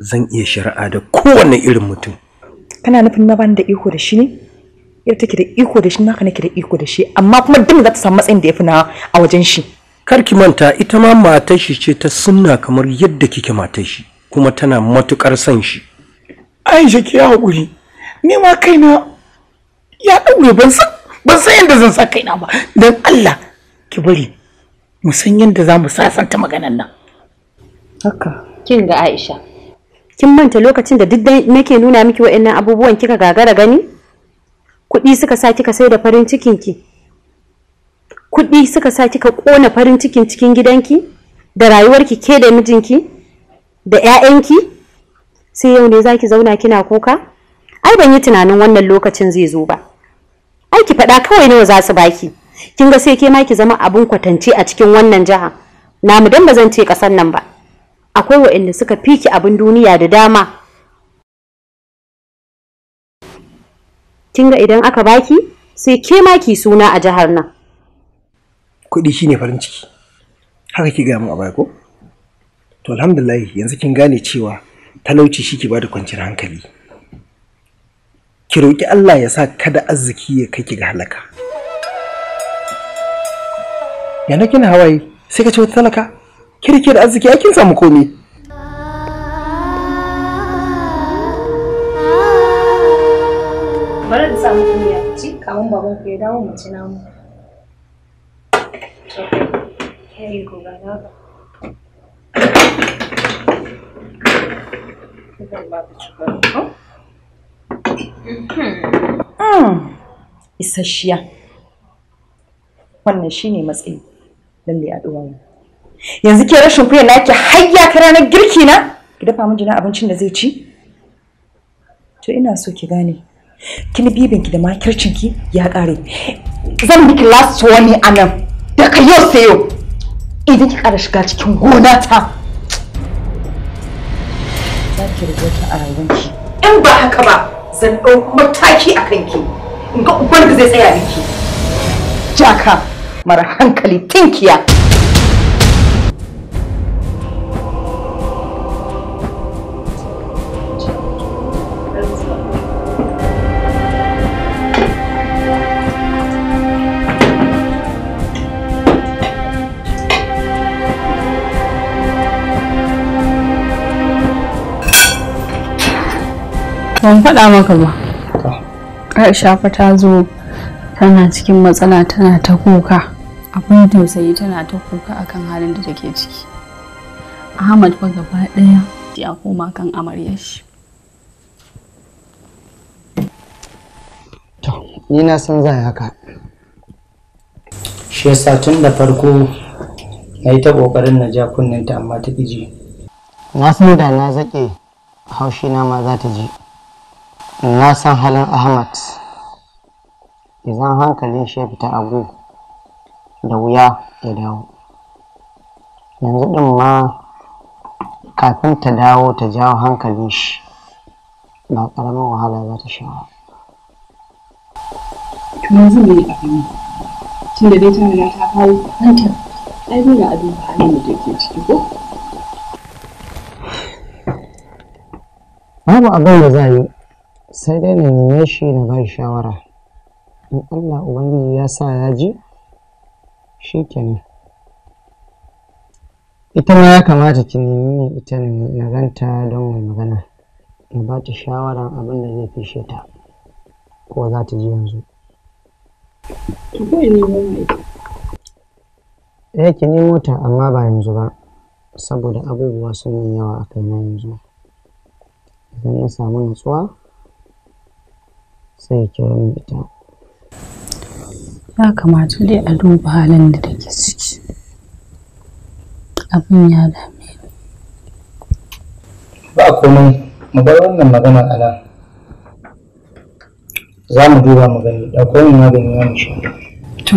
zan iya shari'a da kowane irin mutum. Kana nufin na ban da iko da shi ne? ya take da iko da shi naka nake da iko da shi amma kuma duk za ta samu matsayin da ya fi na a wajen shi karki manta ita ma matar shi ce ta sunna kamar yadda kike matar shi kuma tana matukar son shi Aisha ki haƙuri ni ma kaina ya ɗaure ban san ban san yadda zan sa kaina ba dan Allah ki bari mu san yadda za mu sasanta maganar nan haka kin ga Aisha kin manta lokacin da duk nake nuna miki wa'annan abubuwan kika gagara gani kuɗi suka sa kika sai da farin cikinki kuɗi suka sa kika ƙona farin cikin cikin gidanki da rayuwarki ke da mijinki da 'ya'yanki sai yau ne za ki zauna kina kuka ai ban yi tunanin wannan lokacin zai zo ba ai ki faɗa kawai nawa za su baki kin ga sai ke ma ki zama abun kwatance a cikin wannan jiha namu dan ba zan ce kasan nan ba akwai waɗanda suka fiki abin duniya da dama kin idan aka baki sai ke maki suna a jihar nan kuɗi shine farin ciki haka ki gaya a bako? to alhamdulillah yanzu kin gane cewa talauci shi ke bada kwanciyar hankali ki roƙi Allah ya sa kada arziki ya kai ki ga halaka yana kina hawaye sai ka ce wata talaka da arziki ya kin samu komai dafa ci kawun baban ku ya dawo Isasshiya. Wannan matsayi. a duwan. Yanzu ke rashin kuya na ke ya ranar girki na? Ki dafa min abincin da zai ci? To ina so ki gane Kini bibinki da makircinki ya ƙare. Zan miki last wani a nan. ka yau sai yau. Idan ki ƙara shiga cikin gona ta. Za ki rubuta a In ba haka ba, zan ɗau mataki a kanki. In ga uban da zai tsaya miki. Jaka mara hankali tinkiya. ban faɗa maka ba aisha fa ta zo tana cikin matsala tana ta kuka abin tausayi tana ta kuka akan halin da take ciki ahmad fa gaba ɗaya ya koma kan amaryar shi ni na san za haka shi yasa tun da farko na yi ta ƙoƙarin na ja kunninta amma ta ƙi ji na san da na zaƙe haushi na ma za ta ji na san halin ahmad idan hankalin shi ya fita abu da wuya ya dawo yanzu ɗin ma kafin ta dawo ta jawo hankalin shi ba ƙaramin wahala za ta sha to yanzu me yi abin cin da dai ta riga ta kawo hanta ai da abin ba halin da ke ciki ko babu abin da za yi sai dai na neme shi na ba shawara in allah ubangiji ya sa ya ji shi kenan ita ma ya kamata ki nemi ne ita na ganta don mai magana na ba ta shawaran abin da zai fishe ta ko za ta ji yanzu ɗaya eh, ki nemo ta amma ba yanzu ba saboda abubuwa sun yi yawa a kaina yanzu idan na samu natsuwa sai ya kira ita ya kamata dai a duba halin da take ciki abin ya dame ni ba komai mu bar wannan magana a nan za mu duba mu gani akwai magani wani shi to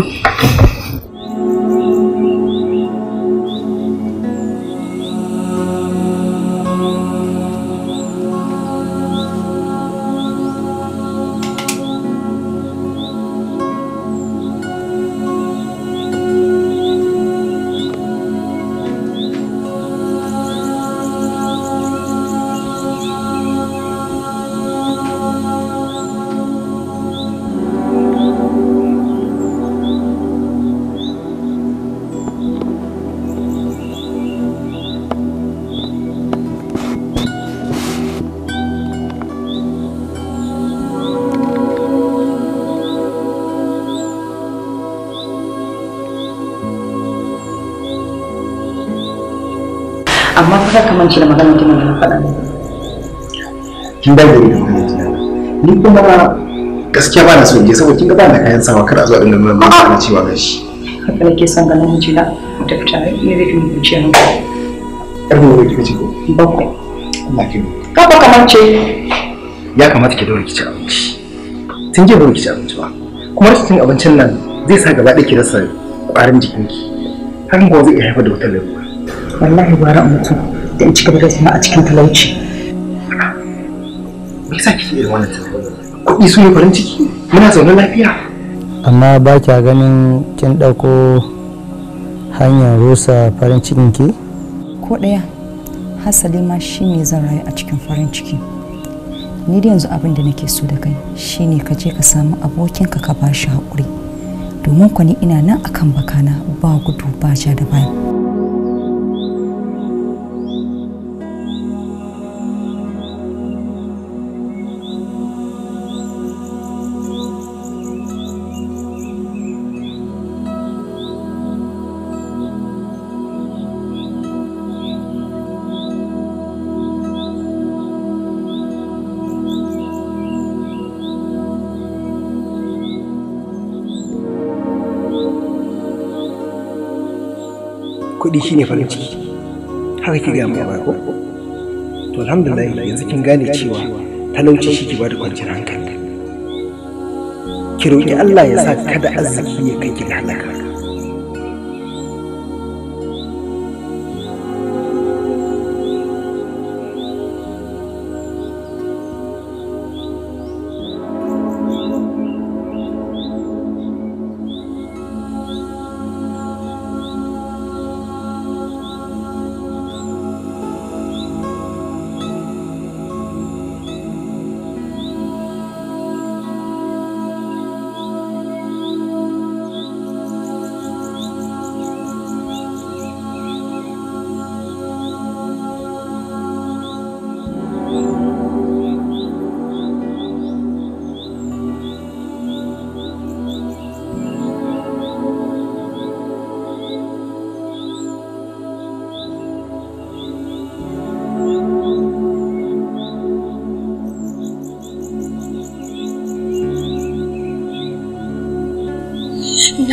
za ka mance da magana mutumin da na faɗa kin dage da magana ni kuma gaskiya ba na so je saboda kin ga ba na kayan sawa kar a zo a dinga nuna mun kana cewa gashi haka nake son ganin mijina mu tafi tare ne zai fi mu ciya mu ƙarfin wani kika ce ko bakwai Allah ke ka ba kamar ce ya kamata ki daure ki ci abinci tun jiya ba ki ci abinci ba kuma rashin abincin nan zai sa gaba ɗaya ki rasa ƙwarin jikinki hakan kuma zai iya haifar da wata lalura wallahi gwara mutum da in cika da zama a cikin talauci. Me yasa kike irin wannan tunanin? Kuɗi su ne farin ciki? Muna zaune lafiya? Amma ba kya ganin kin ɗauko hanyar rusa farin cikin ki? Ko ɗaya, hasali ma shi ne zan rayu a cikin farin ciki. Ni da yanzu abin da nake so da kai shine ka je ka samu abokinka ka ba shi haƙuri. domin ni ina nan akan bakana ba gudu ba ja da baya. kuɗi shine farin ciki haka ki gaya ba ko to alhamdulillah yanzu kin gane cewa talauci shi ki bada kwanciyar hankali ki roƙi Allah ya sa kada arziki ya kai ki halaka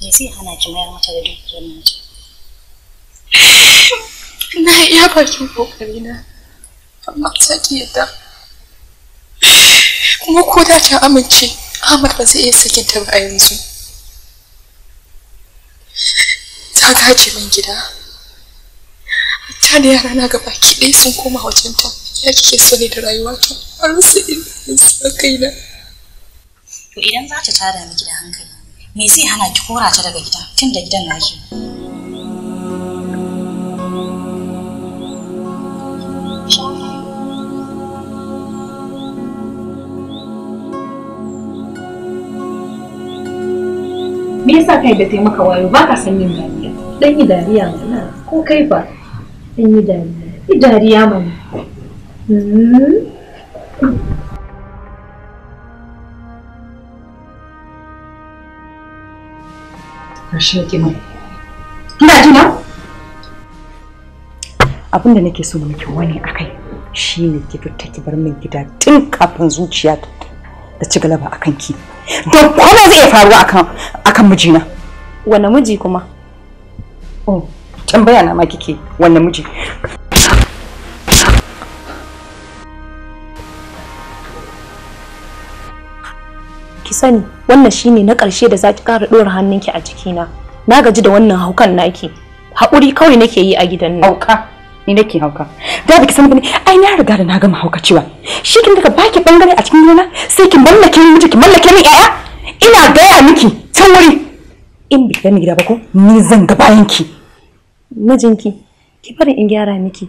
me zai hana ki mayar mata da duk dukiyar mace na iya bakin kokari na amma ta ki yadda kuma ko da ta amince Ahmad ba zai iya sakin ta ba a yanzu ta gaje min gida hatta da yara na gaba ki ɗaya sun koma wajen ta ya kike so ne da rayuwata har sai in sa kaina to idan za ta tara miki da hankali me zai hana ki kora ta daga gida tun da gidan naki me yasa kai da taimaka wayo ba ka san yin dariya dan yi dariya mana ko kai ba dan yi dariya yi dariya mana hmm? ƙarshen ki ina jina abin da nake so miki wani akai shine ki fita ki bar min gida tun kafin zuciya da ci galaba akan ki da kuma zai iya faruwa a kan mijina wani miji kuma oh tambaya na ma kike wannan miji sani wannan shine na ƙarshe da zaki ƙara ɗora hannunki a jikina na gaji da wannan haukan naki haƙuri kawai nake yi a gidan nan hauka ni nake hauka da baki san bane ai na riga da na gama hauka cewa shi kin daga baki bangare a cikin gidana sai ki mallake ni miji mallake ni yaya ina gaya miki can wuri in bi gani gida ba ko ni zan ga bayan mijinki ki bari in gyara miki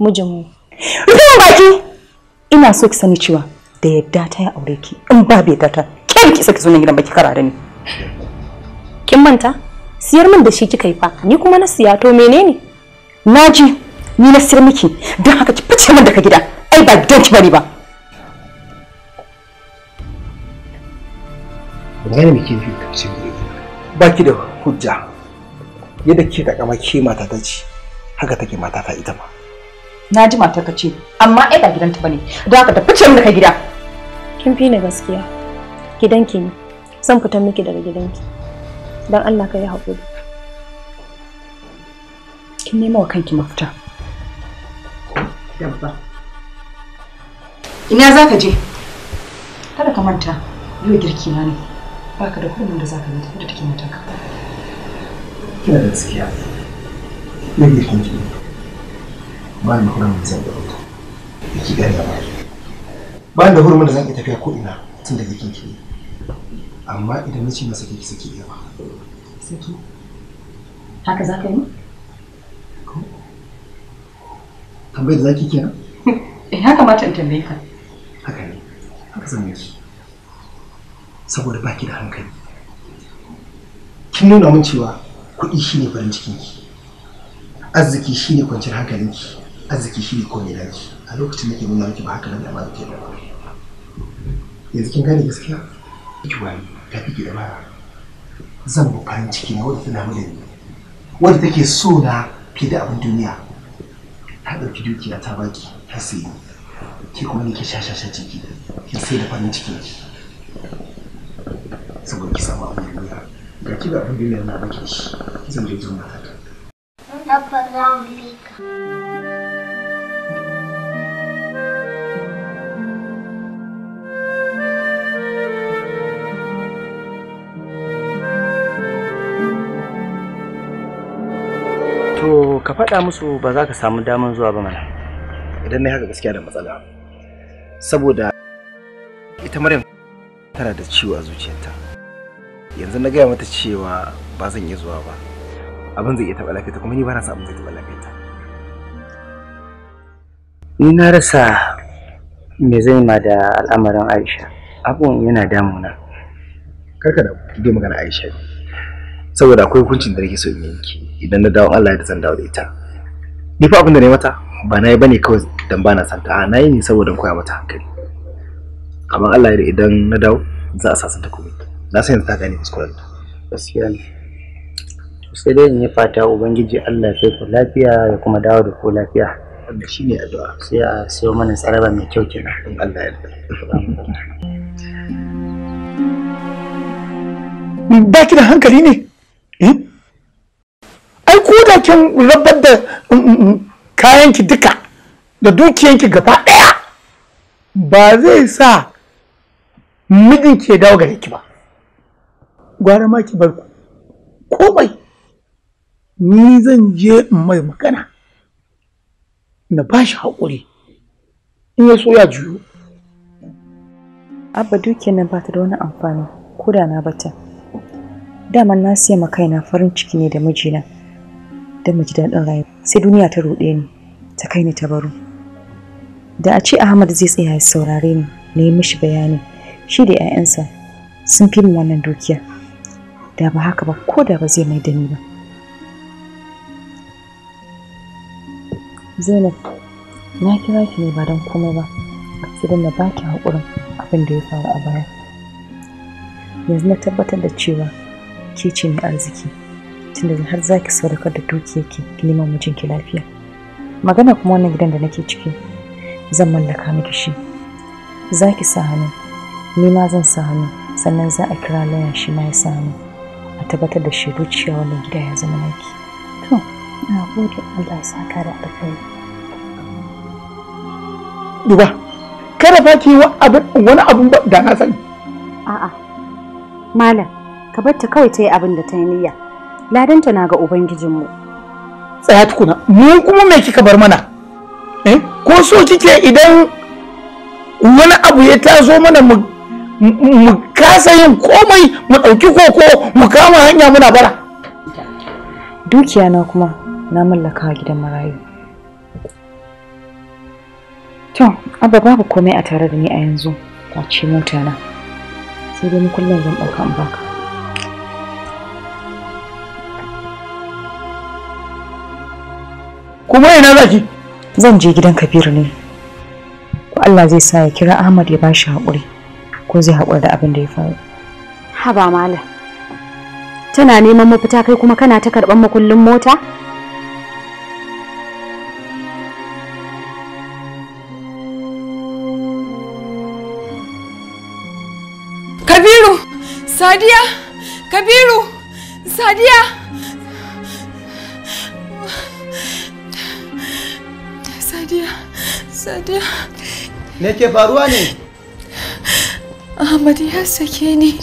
mijinmu rufin baki ina so ki sani cewa da yadda ta ya aure ki in ba bai ta wallahi ki saki sunan gidan baki kara da ni kin manta siyar min da shi kika yi fa ni kuma na siya to menene naji ni na siyar miki don haka ki fice min daga gida ai ba gidan ki bari ba Wani me ke nufi tafsir ba ki da hujja yadda ke da kama ke mata ta ce haka take mata ta ita ma na ji mata ka ce amma ai ba gidanta bane don haka ta fice min daga gida kin fi ni gaskiya gidanki ne san fitan miki daga gidanki don Allah ka yi haƙuri kin nema wa kanki mafita yabba ina za ka je kada ka manta yau girki na ne baka da kuɗin da za ka yi da take mata kina da gaskiya ne girkin ki ba ni kuɗin da zan yi da ki gani ba ba ni da hurumin da zan yi tafiya ko ina tun da girkin ki ne amma idan na ce masa kiki suke yawa. saki haka za ka yi tambayar da za ki kenan eh haka mata in tambaye ka haka ne haka zan yi saboda ba ki da hankali kin nuna min cewa kuɗi shine farin cikin ki arziki shine kwanciyar hankalinki arziki shine komai daji. a lokacin da ke nuna miki ba haka nan da ba ke da ba yanzu kin gane gaskiya ki wani da take da mara zan ba farin ciki na wadda tana mulin wadda take so na fi da abin duniya ta ɗauki dukiya ta baki ta sayi ke kuma nake sha ciki ki sai da farin ciki saboda ki samu abin duniya ga ki da abin duniya na baki shi zan je zuwa matata. Abba za mu leka. ka faɗa musu ba za ka samu damar zuwa ba mana idan na haka gaskiya da matsala saboda ita maryam tana da ciwo a zuciyarta yanzu na gaya mata cewa ba zan iya zuwa ba abin zai iya taɓa lafiyarta kuma ni ba na sa abin zai taɓa lafiyarta ni na rasa me zai ma da al'amarin aisha abun yana damuna karka da dai magana aisha saboda akwai hukuncin da nake so in yanki idan na dawo Allah ya zan dawo da ita ni fa abin da na yi mata ba na yi bane kawai dan bana santa a na yi ne saboda koya mata hankali amma Allah ya idan na dawo za a sasanta komai na san yanzu ta gane kuskuren ta gaskiya ne sai dai in yi fata ubangiji Allah ya kai ku lafiya ya kuma dawo da ku lafiya wanda shine addu'a sai a sayo mana tsaraba mai kyau kenan in Allah ya yarda ba ki da hankali ne eh? ku kin rabar da mm, mm, mm, kayanki duka da dukiyanki gaba ɗaya ba zai sa mijin ke dawo gare ki ba gwara ma ki bar ku komai ni zan je in mai magana na ba shi haƙuri in ya so ya juyo abba dukiyar nan ba ta da wani amfani ko da na bata Dama na siya ma kaina farin ciki ne da mijina don ji daɗin rayuwa sai duniya ta ruɗe ni ta kai ni ta baro da a ce ahmad zai tsaya ya saurare ni na yi mishi bayani shi da 'ya'yansa sun fi mu wannan dukiya da ba haka ba ko da ba zai mai da ni ba zainab na kira ki ne ba don komai ba sai dan na baki haƙurin abin da ya faru a baya yanzu na tabbatar da cewa ke ce mai arziki tunda har za ki sadaukar da dukiyarki ki neman mijinki lafiya magana kuma wannan gidan da nake ciki zan mallaka miki shi za ki sa hannu ni ma zan sa hannu sannan za a kira lauyan shi ma ya sa hannu a tabbatar da shi, dukiya wannan gida ya zama naki to ina gode Allah ya saka da alkhairi duba kada fa ki wani abun da na sani a'a malam ka bar ta kawai ta yi abin da ta yi niyya ladanta na ga ubangijinmu tsaya tukuna mu kuma me kika bar mana eh ko so kike idan wani abu ya zo mana mu mu kasa yin komai mu ɗauki koko mu kama hanya muna bara dukiya na kuma na mallaka gidan marayu to abba babu komai a tare da ni a yanzu kwace mota na sai dai mu mukullin zan ɗauka in baka kuma ina zaki zan je gidan kabiru ne ko Allah zai sa ya kira Ahmad ya bashi haƙuri ko zai haƙura da abin da ya faru haba malam tana neman mafita kai kuma kana ta karɓar makullin mota Kabiru! Sadiya! Kabiru! Sadiya! Sadiya, Sadiya. Ne ke faruwa ne? Ahmad ya sake ni.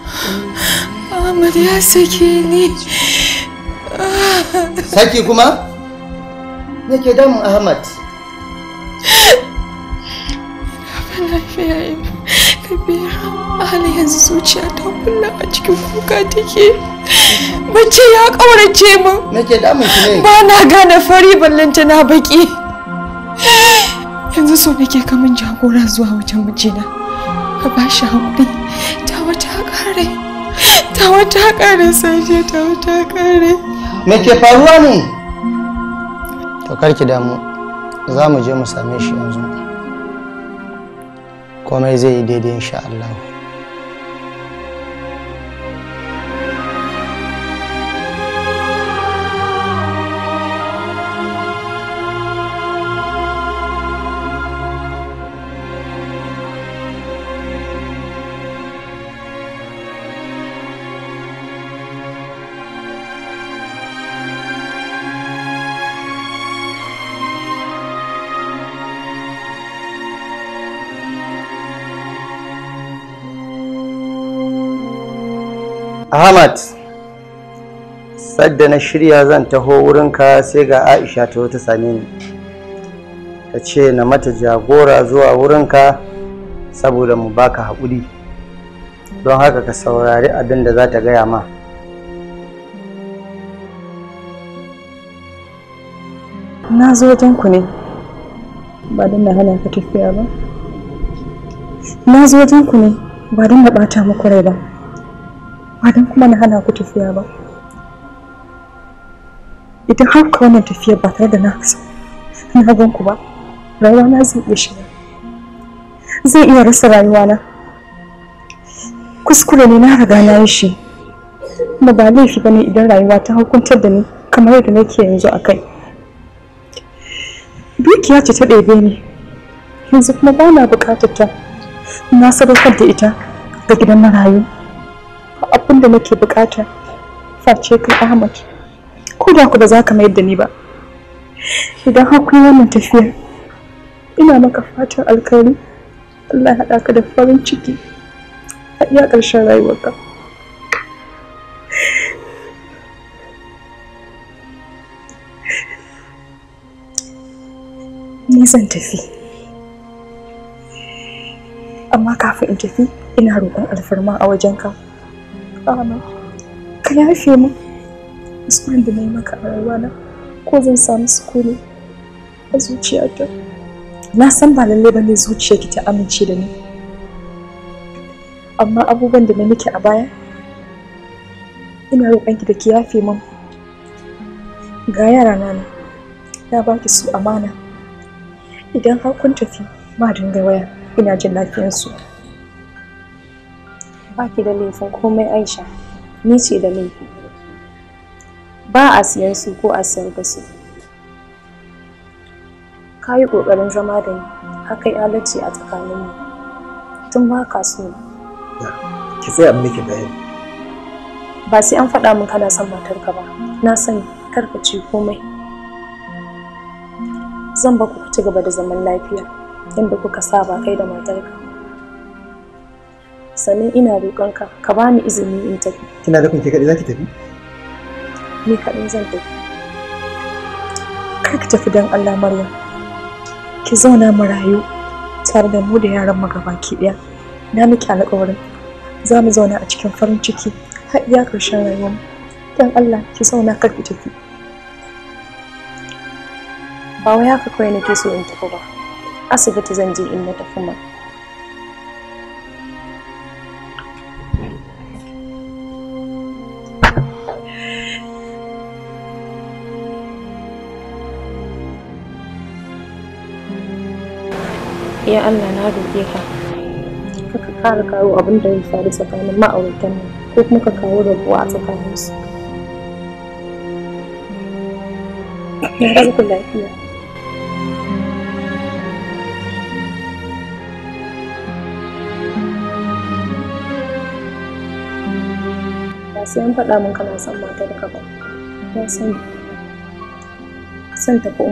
Ahmad ya sake ni. Saki kuma? ne ke damun Ahmad? yanzu a cikin kuka take. Bacci ya ƙaurace Me Ba na gane fari ballanta na baki. yanzu so nake kamun jagora zuwa wajen mijina ka ba shi haƙuri ta wata ƙare ta wata ƙare sashe ta wata ƙare me ke faruwa ne to kar ki damu za mu je mu same shi yanzu komai zai yi daidai insha Allah Ahmad, sadda na shirya zan taho wurinka sai ga Aisha ta ta same ni. Ta ce na mata jagora zuwa wurinka saboda mu baka haƙuri. Don haka ka saurari abin da za ta gaya ma. Na zo ku ne, ba don na hana ka tafiya ba. Na zo ku ne, ba don na ɓata muku rai ba. ba kuma na hana ku tafiya ba idan har ka wannan tafiyar ba tare da na na gan ku ba rayuwa na zai iya shiga zai iya rasa rayuwa na kuskure ne na riga na yi shi kuma ba laifi ba ne idan rayuwa ta hukuntar da ni kamar yadda nake yanzu a kai dukiya ce ta ɗebe ni yanzu kuma ba na bukatar ta na sadaukar da ita ga gidan marayu abin da nake bukata face kai Ahmad ko da ku ba za ka mayar da ni ba idan har kun wannan tafiya ina maka fatan alkhairi Allah ya haɗa ka da farin ciki a iya ƙarshen rayuwarka ni zan tafi amma kafin in tafi ina roƙon alfarma a wajenka Ahmad, ka yafe mu. Kuskuren da na yi maka a rayuwana, ko zan samu sukuni a zuciyata. Na san ba lallai ba ne zuciyarki ta amince da ni. Amma abubuwan da na miki a baya, ina roƙonki da ki yafe min. Ga yara na ya baki su amana. Idan har kun tafi, ma dinga waya, ina jin lafiyarsu. su. ba ki da laifin komai aisha ni ce da laifin ba a siyan su ko a siyar da su ka yi ƙoƙarin zama da ni haka yi alaci a tsakaninmu tun ba ka so ki an miki bayani ba sai an faɗa min kana son matar ka ba na sani karka ce komai zan ba ku ci gaba da zaman lafiya inda kuka saba kai da matarka sannan ina roƙonka ka bani izini in tafi kina da kunke kadai zaki tafi ni kadai zan tafi kar ki tafi dan Allah Maryam ki zauna mu rayu tare da mu da yaran mu ki daya na miki alƙawarin za mu zauna a cikin farin ciki har iya ƙarshen rayuwar dan Allah ki zauna kar ki tafi ba wai haka kawai nake so in tafi ba asibiti zan je in na tafi ma ya Allah na roƙe ka ka kara kawo abin da ya faru tsakanin ma'auratan nan ko kuma ka kawo rabuwa a tsakaninsu na ku lafiya ba sai an faɗa min kana son matar ka ba na san tafi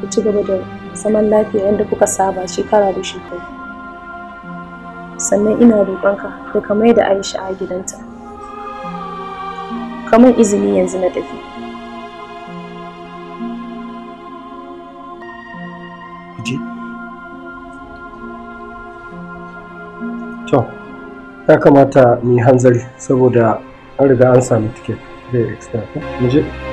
ku ci gaba da zaman lafiya yadda kuka saba shekara da shekaru sannan ina roƙonka da ka mai da aisha a gidanta kamar izini yanzu na tafi to ya kamata mu yi hanzari saboda an riga an sami tiket da extra mu je